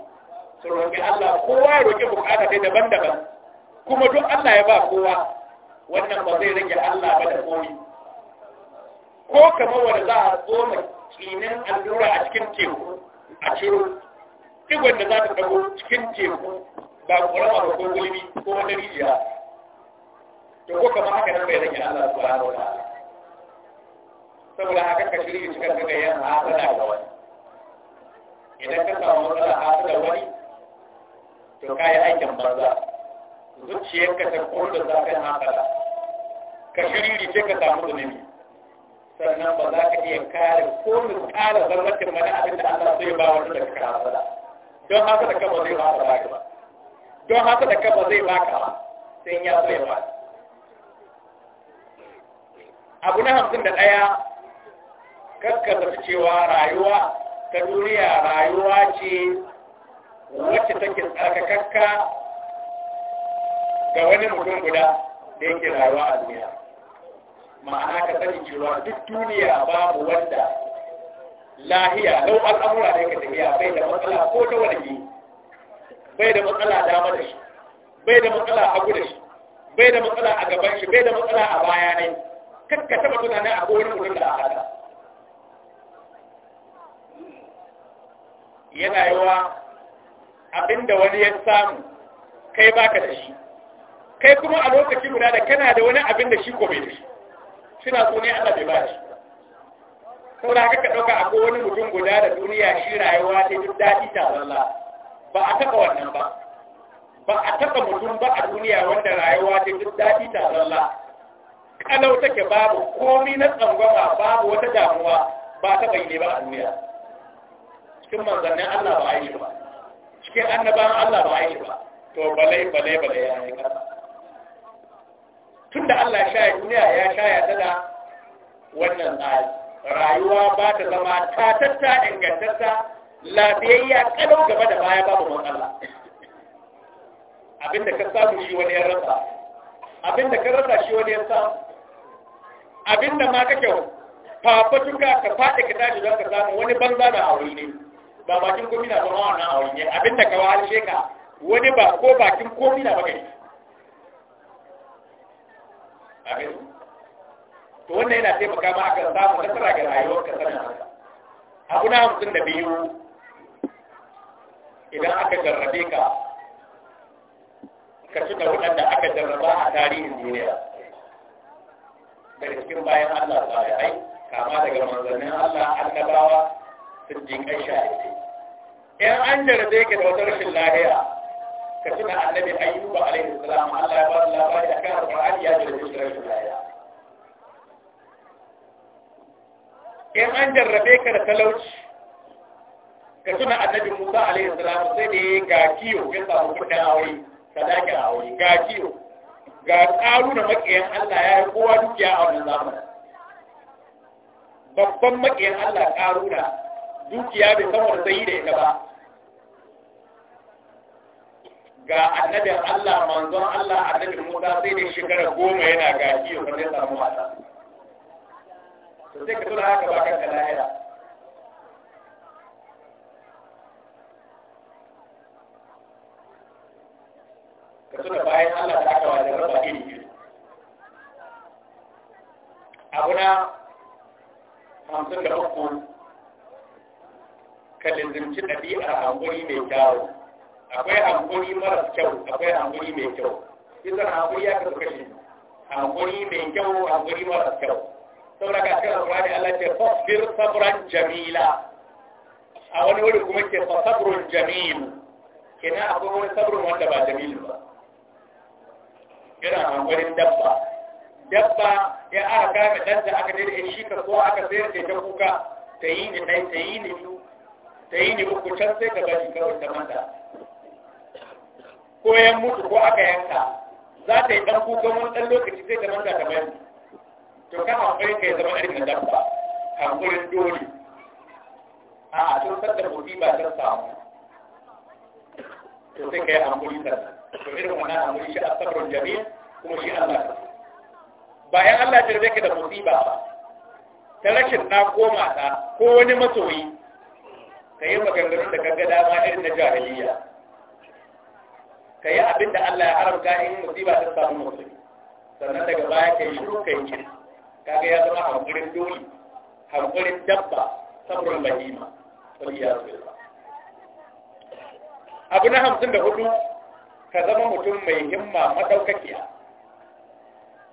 su roƙi Allah kowa ya roƙi bukata dai daban-daban kuma duk Allah ya ba kowa wannan ba zai rage Allah ba da koyi ko kamar wanda za a tsoma kinin allura a cikin teku a ciro igon da za ta dago cikin teku ba ƙorama ba ko gulmi ko wani rijiya to ko kamar haka nan bai rage Allah subhanahu wa ta'ala saboda haka ka shirya cikin daga yin hasada ga wani idan ka samu matsala hasada wani to ka yi aikin banza ka ta koda zafin hasada ka shirya ce ka samu nemi sannan ba za ka iya kare ko miskala zarratin mana abin da Allah zai ba wani daga ka hasada don hasada da ba zai ba ka ba don hasada da ba zai ba ka ba sai ya zai ba abu na hamsin da ɗaya kakkata cewa rayuwa ta duniya rayuwa ce wacce take tsarkakakka ga wani mutum guda da yake rayuwa a duniya ma'ana ka sani cewa duk duniya babu wanda lahiya lau al'amura da yake tafiya bai da matsala ko ta wani bai da matsala dama da shi bai da matsala a da shi bai da matsala a gaban shi bai da matsala a baya ne kakka taba tunanin a kowane mutum da a hada yana yawa abinda wani ya samu kai baka da shi kai kuma a lokaci guda da kana da wani abin da shi ko bai da shi suna so ne Allah bai ba shi saboda haka ka dauka akwai wani mutum guda da duniya shi rayuwa ta duk daɗi ta zalla ba a taka wannan ba ba a taka mutum ba a duniya wanda rayuwa ta duk daɗi ta zalla kalau take babu komai na tsangwama babu wata damuwa ba ta bayyane ba a duniya cikin manzannin Allah ba a yi ba cikin annabawan Allah ba a yi ba to bale-bale-bale ya yi kasa Tunda Allah shaya duniya ya shaya ta da wannan tsari rayuwa ba ta zama ta tatta ingantatta lafiyayya kalau gaba da baya babu matsala abinda ka samu shi wani ya rasa abinda ka rasa shi wani ya samu abinda ma kake fafatuka ka faɗi ka tashi don ka samu wani banza da aure ne ba bakin komi na zama wannan a ne, abin da kawo harshe ka wani ba ko bakin komi na magani abin to wannan yana taimaka ma akan samu nasara ga rayuwar ka sanin abu na hamsin da biyu idan aka jarrabe ka ka cika waɗanda aka jarraba a tarihin duniya daga cikin bayan Allah salihai kama daga manzannin Allah annabawa sun jinkai shahidai in an jarabe ka da wata rashin lahiya ka tuna annabi ayyuba alaihi salam Allah ya ba labari a kan alƙur'ani ya jarabe shi rashin lahiya in an jarrabe ka da talauci ka tuna annabi Musa alaihi salam sai da ga kiyo ya samu kudin aure sadakin aure ga kiyo ga karu da makiyan Allah ya yi kowa dukiya a wannan zamanin babban maƙiyan Allah karu da dukiya bai san wani sayi da ita ba ga annabin Allah manzon Allah annabin Musa sai da shekara goma yana gaji ya kwanar samu mata sai ka tuna haka ba kanka lahira ka tuna bayan Allah da aka wajen raba iri abu na hamsin da uku ka lizimci a hankuri mai kyau akwai hankuri mara kyau akwai hankuri mai kyau kisan hankuri ya karɓi kashi hankuri mai kyau hankuri mara kyau saboda ka cikin alƙur'ani Allah ce fasfir sabran jamila a wani wuri kuma ke fa sabrun jamil kina akwai wani sabrun wanda ba jamil ba irin hankulin dabba dabba ya aka kame ɗanta aka daidai shi ka so aka sayar da ta kuka ta yi ni ɗan ta yi ni ta yi ne uku can sai ka ba shi kawai ta manta ko ya mutu ko aka yanka za ta yi ɗan kukan wani ɗan lokaci sai ta manta ta bari to ka hankali ka ya zama irin dabba hankulin dole a a tun sanda ba ta samu to sai ka yi hankuli ta to irin wannan hankuli shi a sabon jami'a kuma shi Allah bayan Allah ya ka da musiba ta rashin na ko mata ko wani masoyi ka yi maganganun da kaga dama irin na jahiliya ka yi abin da Allah ya haramta in musiba ta samu musu sannan daga baya ka yi shiru ka yi kaga ya zama hankulin doli hankulin dabba sabrin bahima wani ya zuwa abu na hamsin da hudu ka zama mutum mai himma madaukakiya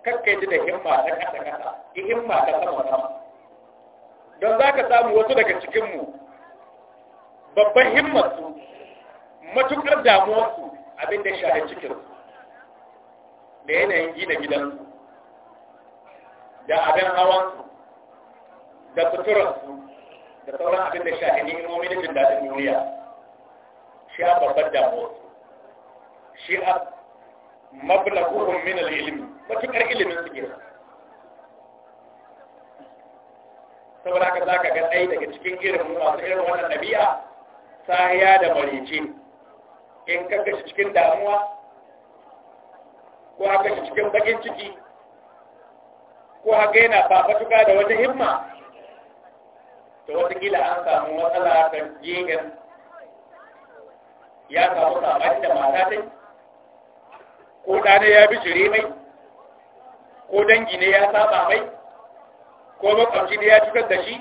kakkai ji da himma ta kasa kasa himma ta sama sama don za ka samu wasu daga cikinmu babban himmarsu matukar damuwarsu abin da shaɗa cikinsu da yanayin gina gidansu da abin hawansu da suturarsu da sauran abin da ne ilmomi na jin daɗin duniya shi a babban damuwarsu shi a mablaguhun min al-ilmi matukar ilimin su gina saboda haka za ka ga ɗaya daga cikin irin masu irin wannan ɗabi'a sahiya da marece in ka kashi cikin damuwa ko haka shi cikin bakin ciki ko haka yana fafatuka da wata himma to watakila an samu matsala kan jegen ya samu sabani da mata dai ko ɗana ya jire mai ko dangi ne ya saba mai ko makamci ne ya cutar da shi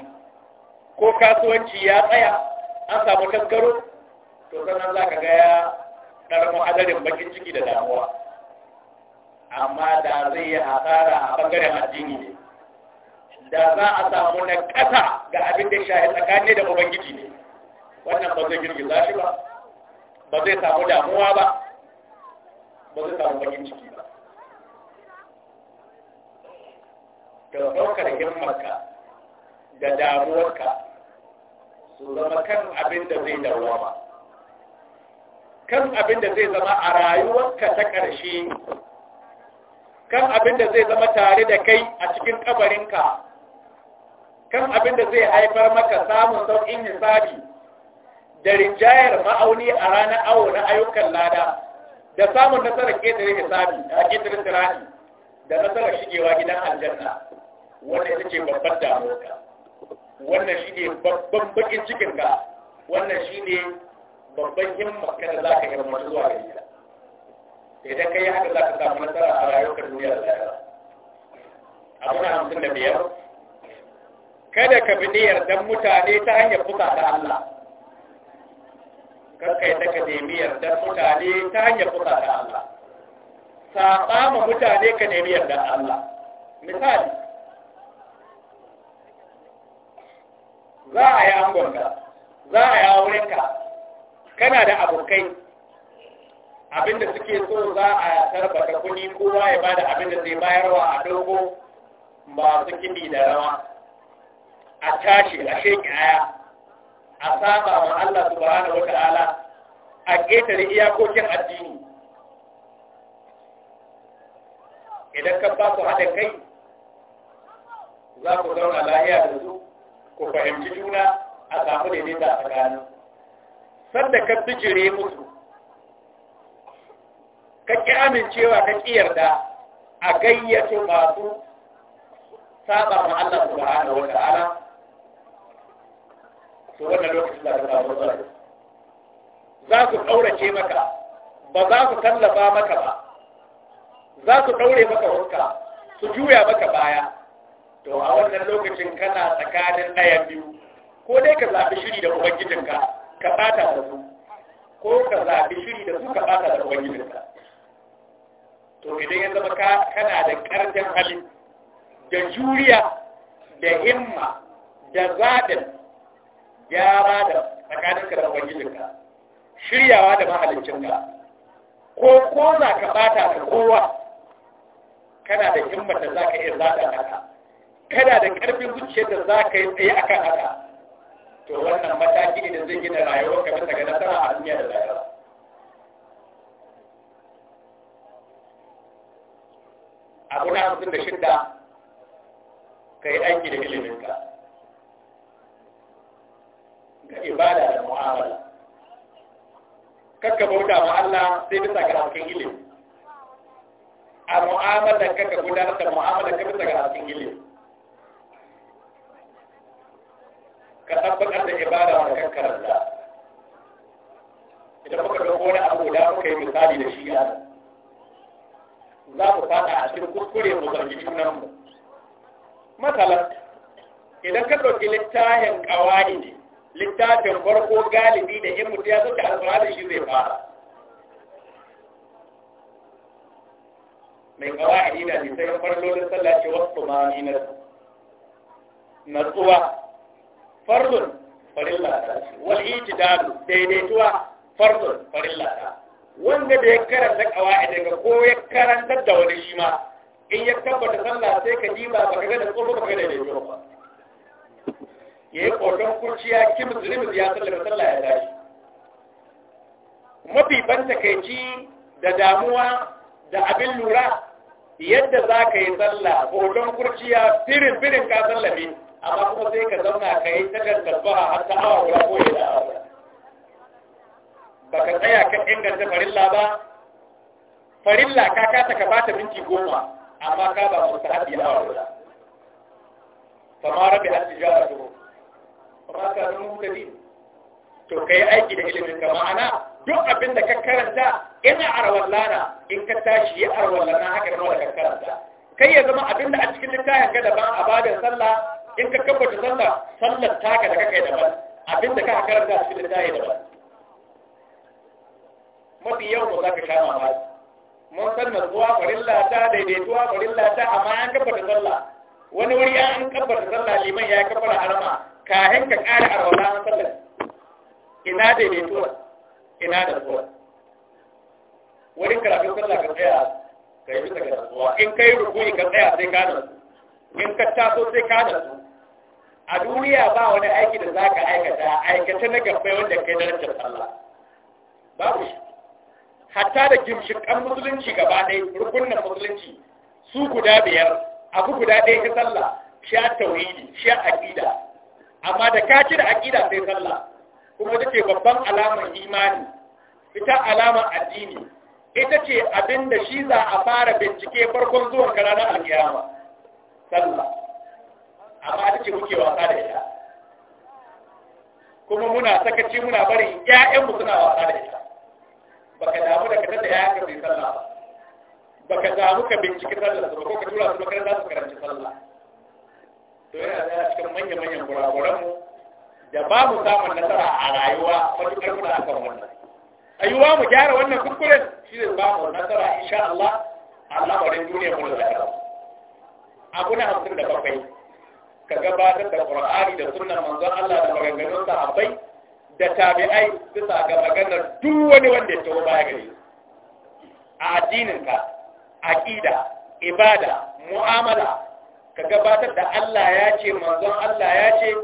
ko kasuwanci ya tsaya an samu taskaro to sannan za ka ga ya ɗarmu adadin bakin ciki da damuwa amma da zai yi hasara a bangaren addini ne da za a samu na ƙasa ga abin da shahi tsakani da ubangiji ne wannan ba zai girgiza shi ba ba zai samu damuwa ba ba zai samu bakin ciki ba da ɗaukar himmarka da damuwarka zama kan abin da zai kan abin da zai zama a rayuwarka ta ƙarshe kan abin da zai zama tare da kai a cikin kabarinka kan abin da zai haifar maka samun sauƙin hisabi da rinjayar ma'auni a ranar awo na ayyukan lada da samun nasarar ƙetare hisabi a ƙetare tirani da nasarar shigewa gidan aljanna wanda ita ce babbar damuwa wannan shi ne babban bakin cikin ka wannan shi ne babban himma kada za ka masu zuwa ga ita idan ka yi haka za ka samu nasara a rayuwar duniya da lahira abu na hamsin da biyar kada ka bi niyyar dan mutane ta hanyar fuka ta Allah kar kai ta ka nemi yardar mutane ta hanyar fuka ta Allah saba ma mutane ka nemi yardar Allah misali za a yi angonka za a yi aurenka kana da abokai abinda suke so za a tarbata ko kowa ya bada abinda zai bayarwa a dogo ba su kini da rawa a tashi a shekaya a saba ma Allah su da wata ala. a ƙetare iyakokin addini idan ka ba su haɗa kai za ku zauna lahiya da su ku fahimci juna a samu daidaita a tsakanin sanda ka bijire musu ka ƙi amincewa ka ƙi yarda a gayyato masu saba ma Allah da wata ala to wannan lokacin da su samu za su ɗaurace maka ba za su tallafa maka ba za su ɗaure maka hukka su juya maka baya to a wannan lokacin kana tsakanin ɗayan biyu ko dai ka zaɓi shiri da ubangijinka ka ɓata da su ko ka zaɓi shiri da su ka ɓata da ubangijinka to idan ya zama kana da ƙarfin hali da juriya da himma da zaɓin gyara da tsakaninka da ubangijinka shiryawa da mahalicinka ko ko za ka ɓata da kowa kana da himmar da za ka iya zaɓa haka Kada da ƙarfin zuciyar da za ka yi tsaye a kan haka to wannan mataki ne da zai gina rayuwar ka bisa ga nasara a duniya da rayuwa abu na hamsin da shida ka yi aiki da iliminka ga ibada da mu'amala kakka bauta ma Allah sai bisa ga hasken ilimi a mu'amalar kakka gudanar da mu'amalar ka bisa ga hasken ilimi ka tabbatar da ibada da ka karanta idan muka dauko wani abu da muka yi misali da shi yana za ku fada a cikin kuskure mu zargi junan mu Masala. idan ka ɗauki littafin ƙawani, ne littafin farko galibi da in mutum ya zuka alƙawarin shi zai fara mai ƙawai na ne sai farko da sallah ce wasu ma ni na natsuwa fardun farilla ta ce wal itidalu daidaituwa fardun farilla ta wanda da ya karanta kawai daga ko ya karanta da wani shi ma in ya tabbata sallah sai ka ba baka ga da tsofa baka da daidaituwa ba ya yi ƙoƙon kurciya kim zulmi ya sallama sallah ya dace mafi ban takaici da damuwa da abin lura yadda za ka yi sallah hoton kurciya firin firin ka sallame amma kuma sai ka zauna ka yi takar tabbaha har ta awa guda ko ya da ba ka tsaya kan inganta farilla ba farilla ka kasa ka bata minti goma amma ka ba mu ta haɗi awa guda fama rabi hasi jara to fama ka zama mutane to ka yi aiki da ilimin ka ma'ana duk abin da ka karanta ina arwallana in ka tashi ya arwallana haka da ka karanta kai ya zama abin da a cikin littafin ka daban a bada sallah in ka kabbata sallah sallar taka da kakai daban abin da ka karanta da tayi da daban mafi yawan za ka sha mamaki mun san na farin farilla ta daidaituwa farin ta amma an kabbata sallah wani wuri an kabbata sallah liman ya kabbata arama kahin ka ƙara arwala an sallar ina daidaituwa ina da zuwa? wurin karatun sallah ka tsaya kai bisa ga zuwa in kai rukuni ka tsaya sai ka natsu in ka taso sai ka natsu a duniya ba wani aiki da za ka aikata aikata na gabbai wanda kai darajar Allah babu shi hatta da gimshikan musulunci gaba ɗaya rukunan musulunci su guda biyar abu guda ɗaya ta sallah sha tauhidi a aqida amma da ka ci da aqida sai sallah kuma take babban alamar imani ita alamar addini ita ce abin shi za a fara bincike farkon zuwan ranar alkiyama sallah amma ita ce muke wasa da ita kuma muna sakaci muna barin ƴaƴanmu suna wasa da ita ka damu da kasar da ya su yi sallah ba ka damu ka binciki sallah su ba ko ka tura su za su karanci sallah to yana da cikin manya-manyan mu da ba mu samun nasara a rayuwa wani matuƙar muna akan wannan ayuwa mu gyara wannan kuskuren shi zai ba mu nasara insha Allah Allah wani duniya mu da abu na hamsin da bakwai ka gabatar da ƙwararri da sunan manzon Allah da maganganun sahabbai da tabi'ai bisa ga maganar duk wani wanda ya tawo baya gare a addininka aqida ibada mu'amala ka gabatar da Allah ya ce manzon Allah ya ce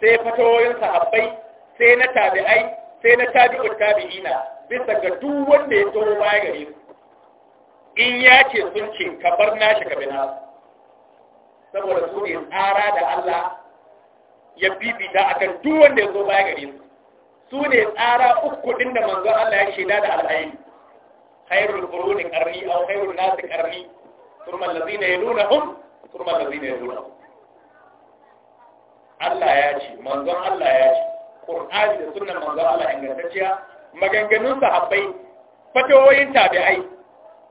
sai fatoyin sahabbai sai na tabi'ai sai na tabi'ut tabi'ina bisa ga duk wanda ya tawo baya gare in ya ce sun ce ka bar nashi ka bi nasu saboda su ne tsara da Allah ya bibita akan duk da ya zo baya gari su su ne tsara uku din da manzo Allah ya shaida da alhayi khairul quruni qarni aw ya nuna qarni thumma allazina yalunhum thumma ya nuna. Allah ya ce manzo Allah ya ce Qur'ani da sunan manzo Allah ingantacciya maganganun sahabbai fatawoyin tabi'ai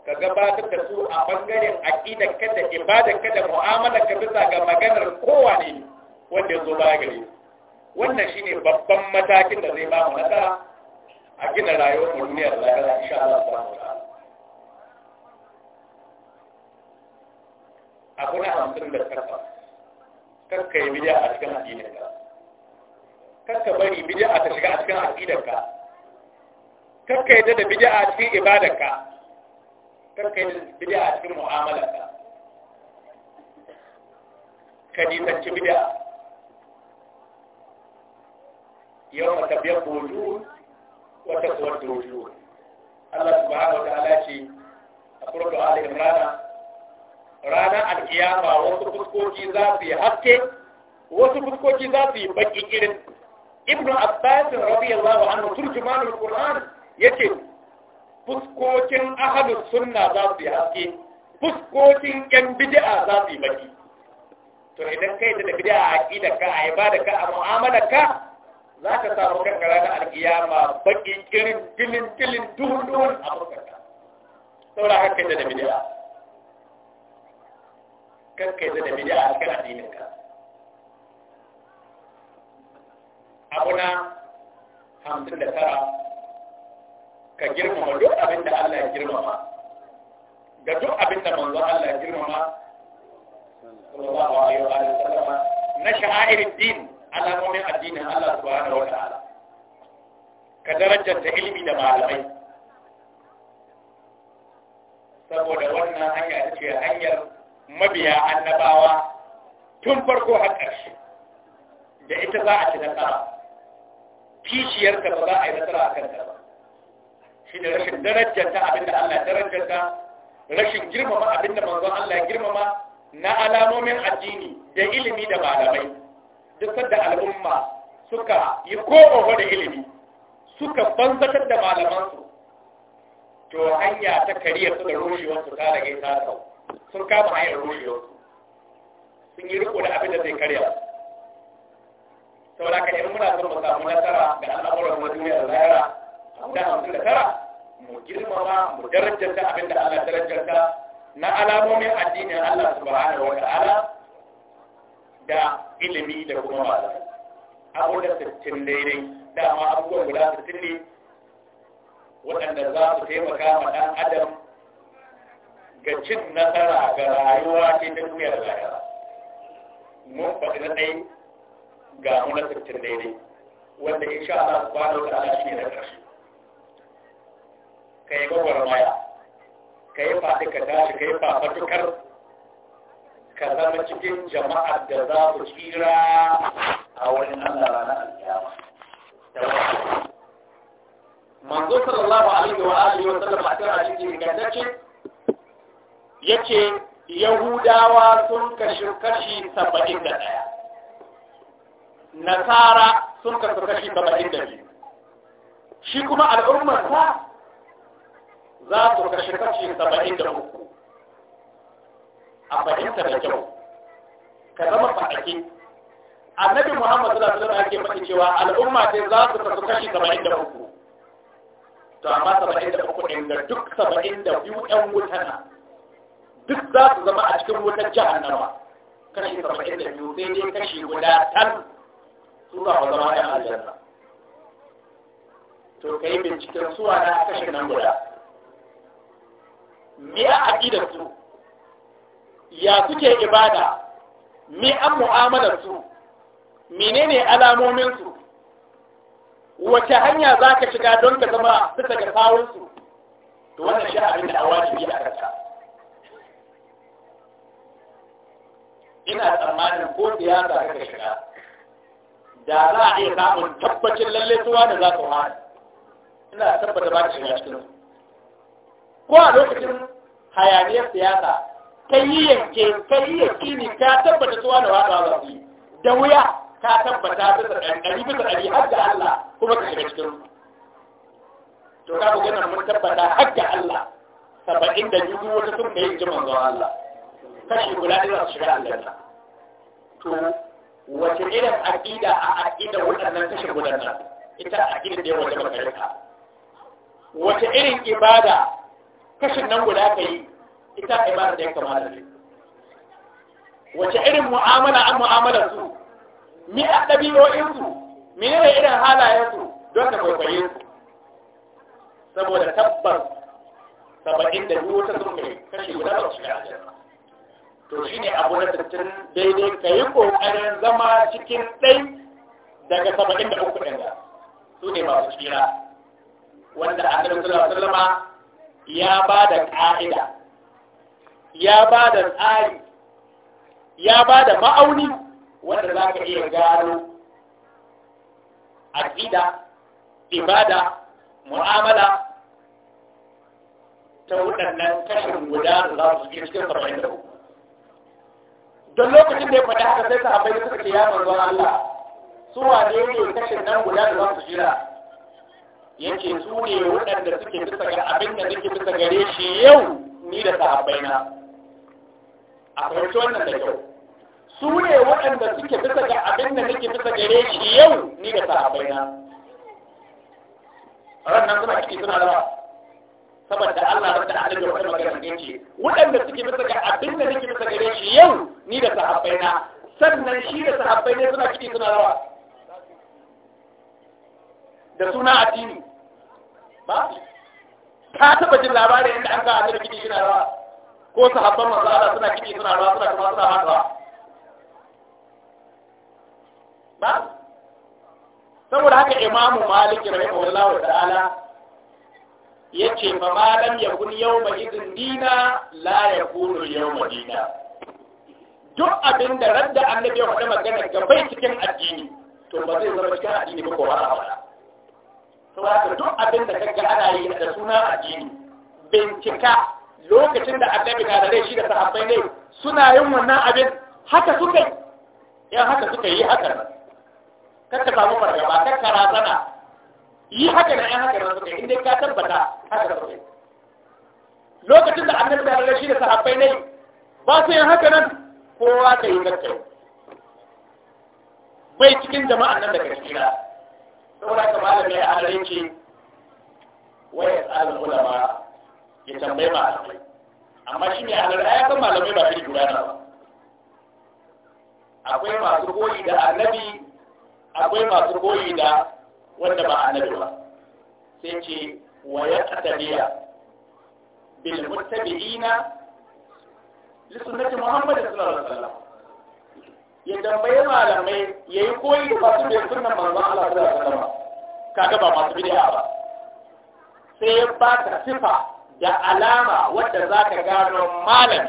ka gabatar da su a bangaren aƙidar ka da ibadar ka da mu'amala ka bisa ga maganar kowa ne wanda ya zo baya gare wannan shine babban matakin da zai ba mu nasara a gina rayuwar mu duniyar lahira insha Allah subhanahu ta'ala abu na hamsin da karfa karka yi bidiya a cikin aƙidar ka karka bari a ta shiga a cikin aƙidar ka karka yi da bidiya a cikin ibadar ka karka yi bid'a a cikin mu'amalarka ka nisanci bid'a yau ma tabiyar boju wata kuwar dojo Allah subhanahu wa ta'ala ce a kurdu Ali Imran ranar alkiyama wasu fuskoki za su yi haske wasu fuskoki za su yi baki irin Ibn Abbas radiyallahu anhu turjumanul Qur'an yace fuskokin ahalus sunna za su yi haske fuskokin yan bid'a za su yi baki to idan kai da bid'a a aqida ka a da ka a mu'amala ka za ka samu kanka da alƙiyama, baki irin tilin tilin duhun duhun a fuskarka saboda haka kai da bid'a kan kai da bid'a a cikin addinin ka abuna hamsin da tara ka girmama duk abin da Allah ya girmama ga duk abin da manzo Allah ya girmama sallallahu alaihi wa sallam na sha'irin din alamomin addinin Allah subhanahu wa ta'ala ka darajar da ilimi da malamai saboda wannan hanya ce hanyar mabiya annabawa tun farko har ƙarshe da ita za a ci nasara kishiyarta ba za a yi nasara a kanta ba shine rashin darajanta abinda Allah ya darajanta rashin girmama abinda manzon Allah girmama na alamomin addini da ilimi da malamai duk sanda al'umma suka yi ko'oho da ilimi suka banzatar da malamansu to hanya ta kariya su da rushewarsu ta daga ita sau sun kama hanyar rushewarsu sun yi riko da abin da zai karya saboda ka yi muna son mu samu nasara da al'amuran wajen da zahara da hamsin da tara mu girmama mu darajarta abin da Allah darajanta na alamomin addinin Allah subhanahu wa ta'ala da ilimi da kuma malamai abu da sittin daidai dama abubuwan guda sittin ne waɗanda za su taimaka ma ɗan adam ga cin nasara ga rayuwa ce ta duniya da lahira mun faɗi na ɗai ga mu na sittin daidai wanda insha Allah subhanahu wa ta'ala shi ne na ƙarshe ka yi gwagwarmaya ka yi faɗi ka tashi ka yi fafatukar ka zama cikin jama'ar da za su tsira a wani Allah ranar alkiyama manzo sallallahu alaihi wa alihi wa sallam a cikin hadisi ingantacce yace yahudawa sun kashi kashi 71 nasara sun kashi kashi 72 shi kuma al'ummar sa za su kashe kashe saba'in da uku a fahimta da kyau ka zama faɗaki annabi muhammad sallallahu alaihi wasallam ake faɗi cewa al'umma ce za su kasu kashi saba'in da uku to amma saba'in da uku ɗin da duk saba'in da biyu ɗan wutana duk za su zama a cikin wutar jahannama kashi saba'in da biyu sai dai kashi guda tan su za su zama ɗan aljanna to ka yi binciken suwa na kashin nan guda me a aƙidar su ya suke ibada me an mu'amalar su menene alamomin su wace hanya za ka shiga don ka zama bisa ga sawun su to wannan shi abin da wajibi a kanka ina tsammanin ko siyasa ka shiga da za a iya samun tabbacin lalle tuwa da za su hana ina tabbata ba ka shiga cikin su ko a lokacin hayaniyar siyasa kai yi yanke kai yi yanke ne ka tabbata tuwa da wadawa za su da wuya ka tabbata bisa ɗari bisa ɗari har da Allah kuma ka shiga cikin to ka buga mun tabbata har da Allah saba'in da dubu wata sun kai yin jiman zuwa Allah kashi guda da za su shiga Allah to wace irin aƙida a aƙida waɗannan kashe gudanar, ita aƙida da yawa da makarika wace irin ibada kashin nan guda ka yi ita ibada da ya kamata ne wace irin mu'amala an mu'amala su mi a ɗabi'o'in su mi ne irin halayen su don ka kwaikwaye su saboda tabbas saba'in da biyu wata sun kai kashi guda ba su shiga to shi ne abu na tattalin daidai ka yi ƙoƙarin zama cikin ɗai daga saba'in da uku ɗin su ne masu shira wanda a ɗan sallama ya ba da ƙa'ida ya ba da tsari ya ba da ma'auni wanda za ka iya gano aƙida ibada mu'amala ta waɗannan kashin guda da za su cikin saba'in da uku don lokacin da ya faɗi haka sai sahabbai suka ce ya zuwa Allah su ne ne kashin nan guda da za su jira yake su ne waɗanda suke bisa ga abin da nake bisa gare shi yau ni da sahabbaina a fahimci wannan da kyau su ne waɗanda suke bisa ga abin da nake bisa gare shi yau ni da sahabbaina ranar suna ciki suna rawa saboda Allah ba da da wata magana ne ce waɗanda suke bisa ga abin da nake bisa gare shi yau ni da sahabbaina sannan shi da sahabbaina suna ciki suna rawa da suna addini ba Ta taba jin labarin inda an ga annabi kidi yana rawa ko sahabban manzo Allah suna kidi suna rawa suna kuma suna hadawa ba saboda haka imamu malik rahimahullah wa ta'ala yace ce ma lam yakun yawma idin dina la yakunu yawma dina duk abinda radda annabi ya faɗa magana ga bai cikin addini to ba zai zama cikin addini ba ko ba saboda duk abin da kaga ana yi da suna addini bincika lokacin da annabi na da rai shi da sahabbai ne suna yin wannan abin haka suka yi yan haka suka yi haka nan kakka samu fargaba kakka razana yi haka nan yan haka nan suka yi inda ka tabbata haka suka yi lokacin da annabi na da rai shi da sahabbai ne ba su yin haka nan kowa ka yi kakka bai cikin jama'an nan da ka kira saboda ka malami ya adalci waya tsarin ulama ya tambayi malamai amma shi ne adalci ya san malamai ba shi gudana ba akwai masu koyi da annabi akwai masu koyi da wanda ba annabi ba sai ce waya tabiya bil muttabi'ina li sunnati muhammad sallallahu alaihi wasallam ya tambaye malamai ya yi koyi da masu bin sunan manzon Allah sallallahu alaihi wasallam kaga ba masu bid'a ba sai ya ba ka sifa da alama wadda za ka gano malam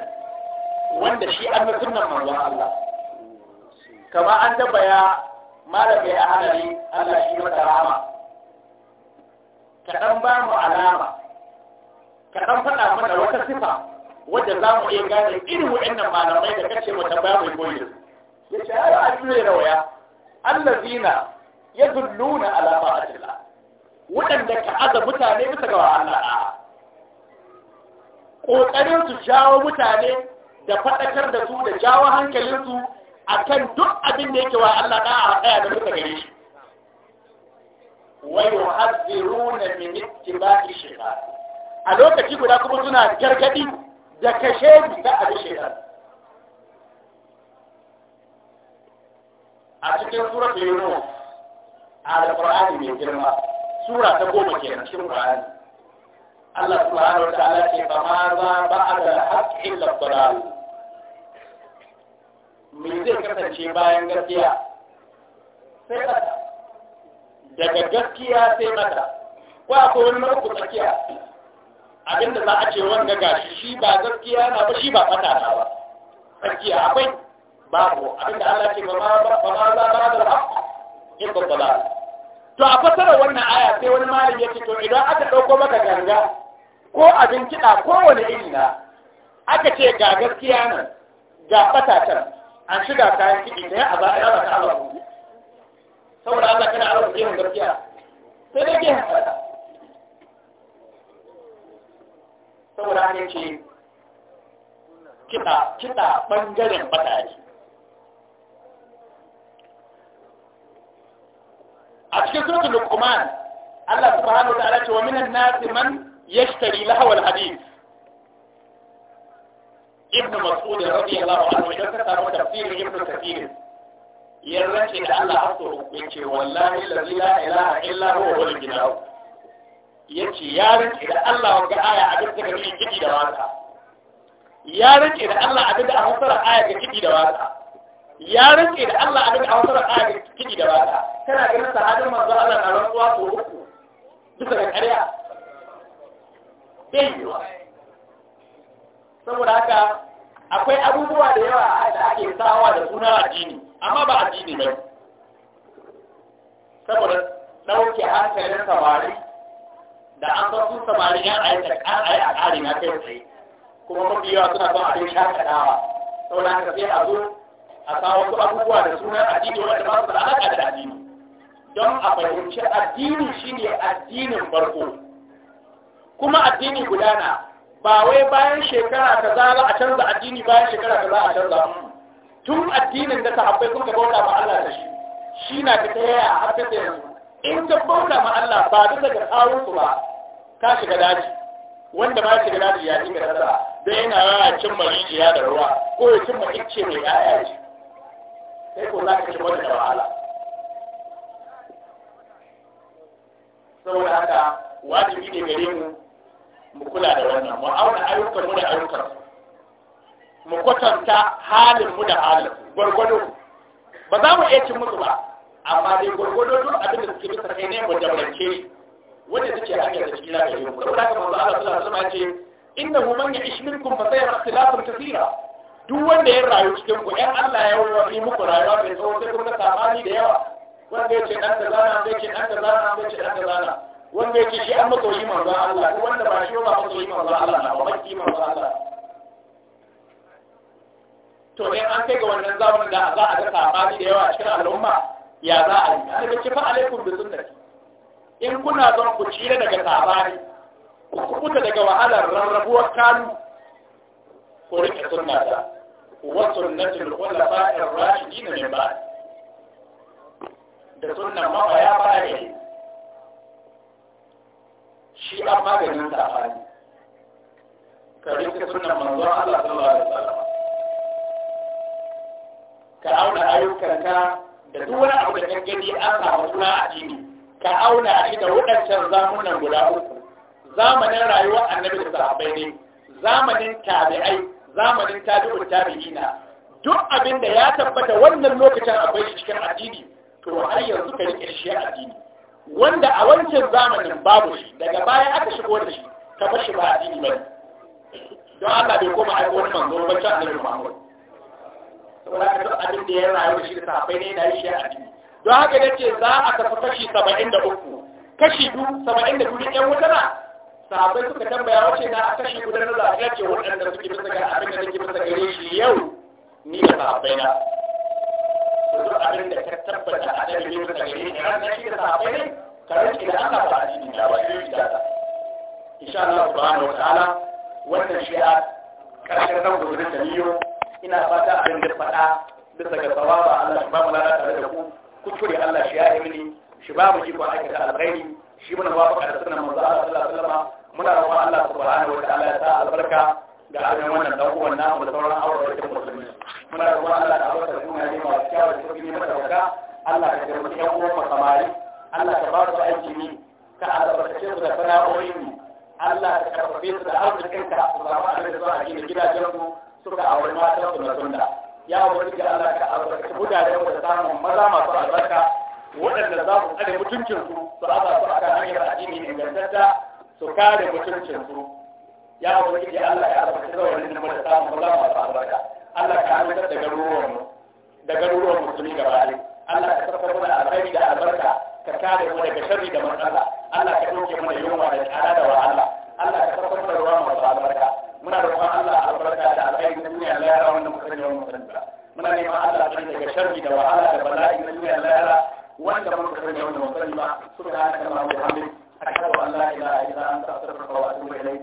wanda shi an sunan manzon Allah kama an dabaya malam ya halali Allah shi mata rahama kaɗan ba mu alama kaɗan faɗa mana wata sifa wadda za mu iya gane irin waɗannan malamai da kace mu tambaya mai koyi su ya ce ai a juye da waya allazina yadulluna ala ba'atillah waɗanda ka aza mutane bisa ga Allah ƙoƙarin su jawo mutane da faɗakar da su da jawo hankalinsu a kan duk abin da yake wa Allah ɗan a haɗaya da muka gare shi. Wai yuhazziru na min ittiba'i shekaru. A lokaci guda kuma suna gargadi da kashe bisa abin shekaru. a cikin sura suratul yunus alqur'ani mai girma sura ta goma na cikin qur'ani Allah subhanahu Wata ala ce ba ma za ba a al-haqq illa dalal me zai kasance bayan gaskiya sai kata daga gaskiya sai mata ko akwai wani mako tsakiya abinda za a ce wanda gashi shi ba gaskiya na ba shi ba fata na ba tsakiya akwai babu abinda Allah ce ba ba ba ba da haqq in babbala to a fasara wannan aya sai wani malami ya ce to idan aka dauko maka ganga ko abin kiɗa kowane iri na aka ce ga gaskiya nan ga fatatan an shiga kayan kiɗi a ba aba ya baka Allah ku saboda Allah kana Allah ke mun gaskiya sai dai ke fata saboda an ce kiɗa kiɗa bangaren fata أشكي سورة لقمان الله سبحانه وتعالى ومن الناس من يشتري لهو الحديث ابن مسعود رضي الله عنه جلسة تفسير ابن كثير يرشي لعل عصره يكي والله الذي لا إله إلا هو هو الجناب يكي يارك إذا الله وقع آية عبدت كبير جدي دواتها يارك إذا الله عبد أحصر آية جدي دواتها يارك إذا الله عبد أحصر آية جدي دواتها kana ganin sahabin manzo Allah na rantsuwa ko uku duka da ƙarya bai yiwa saboda haka akwai abubuwa da yawa da ake sawa da suna addini amma ba addini ba saboda ɗauke hankalin samari da an san su samari yan aika ƙarai a ƙari na kai tsaye kuma mafi yawa suna son abin shakadawa saboda haka sai a zo a kawo wasu abubuwa da suna addini wanda ba su da alaƙa da addini don a fahimci addini shine addinin farko kuma addini gudana ba wai bayan shekara ta za a canza addini bayan shekara ta za a canza tun addinin da ta sahabbai kuma bauta ma Allah da shi shi na ta yaya har ta da yanzu in ka bauta ma Allah ba da daga kawo su ba ka shiga daji wanda ba shiga daji ya dinga rasa da yana ya cin marijiya da ruwa ko ya cin mai mai yaya ce sai ko za ka shiga wani da wahala saboda haka wajibi ne gare mu mu kula da wannan mu auna ayyukan mu da ayyukan mu kwatanta halin mu da halin gwargwado ba za mu iya cin musu ba amma dai gwargwado duk abin da suke bisa kai ne mu jabarance wanda suke hanyar da cikin lafiya yau saboda haka manzo Allah sallallahu alaihi wasallam ya ce innahu man ya'ish minkum fa sayara ikhtilafan kathira duk wanda ya rayu cikin ku ɗan Allah ya yi muku rayuwa mai tsawo sai kuma sabani da yawa wanda yake dan kaza na wanda yake dan kaza na wanda yake dan kaza na wanda yake shi an masoyi manzo Allah duk wanda ba shi ba masoyi manzo Allah na ba maki manzo Allah to in an kai ga wannan zamanin da za a ga sabani da yawa a cikin al'umma ya za a yi an ga kifa alaikum bi sunnati in kuna son ku cire daga sabani ku kubuta daga wahalar rarrabuwar kanu ku rike sunna da wa sunnatul khulafa ar-rashidin min ba'd da sunan ya baya shi an maganin fari ka rinka sunan manzon Allah sallallahu alaihi wasallam ka auna ayyukanka da duk wani abu da kake gani an samu suna a jini ka auna shi da wadancan zamunan guda uku zamanin rayuwar annabi da sahabbai ne zamanin tabi'ai zamanin tabi'ut tabi'ina duk abin da ya tabbata wannan lokacin akwai shi cikin addini to har yanzu ka rike shi a addini wanda a wancan zamanin babu shi daga baya aka shigo da shi ka bar shi ba addini ba don Allah bai koma aiko wani manzo ba ta annabi Muhammad saboda haka duk abin da ya rayu shi da safai ne yana yi shi a addini don haka yace za a kafa kashi 73 kashi 72 ɗan wuta sahabai suka tambaya wace na a kashi guda na zaɓe ce waɗanda suke bisa ga abin da suke bisa gare shi yau ni da sahabai na duk abin da ka tabbata a nan yau da gari ne ran shi da safai ka rike da Allah ba addini da ba shi da ta insha Allah subhanahu wataala wannan shi a karshen nan gurbin da niyo ina fata abin da faɗa bisa ga tsawaba Allah shi ba mu lada tare da ku kuskure Allah shi ya yi mini shi ba mu jiko aikata alkhairi shi muna wafaka da sunan manzo Allah sallallahu alaihi wasallam muna roƙon Allah subhanahu wataala ya sa albarka ga abin wannan dan uwan namu da sauran auratakin musulmi muna da kuma Allah ka aurata duniya ne masu kyawu da sauki ne madauka Allah ka taimaki yan uwan masamari Allah ka ba su aiki ne ka albarkace su da sana'o'in ne Allah ka karfafe su da arzikinka su samu abin da za a gina gidajen su suka aure matan su na sunna ya wani ga Allah ka albarkace mutane da samun maza masu albarka waɗanda za su tsare mutuncinsu su aza su a kan hanyar addini ingantacce su kare mutuncinsu ya ubangiji Allah ya albarka da wannan da samu Allah ma albarka Allah ka albarka da garuruwan mu da garuruwan musulmi Allah ka saka da alkhairi da albarka ka kare mu daga sharri da matsala Allah ka dauke mana yunwa da tsada da wahala Allah ka saka da ruwa ma albarka muna roƙon Allah albarka da alkhairi da duniya Allah ya rawa wannan musulmi da musulmi muna neman Allah ka daga sharri da wahala da bala'i da duniya Allah ya rawa وانت من خرج يوم المصلي سبحانك اللهم وبحمدك اشهد ان لا اله الا انت استغفرك واتوب اليك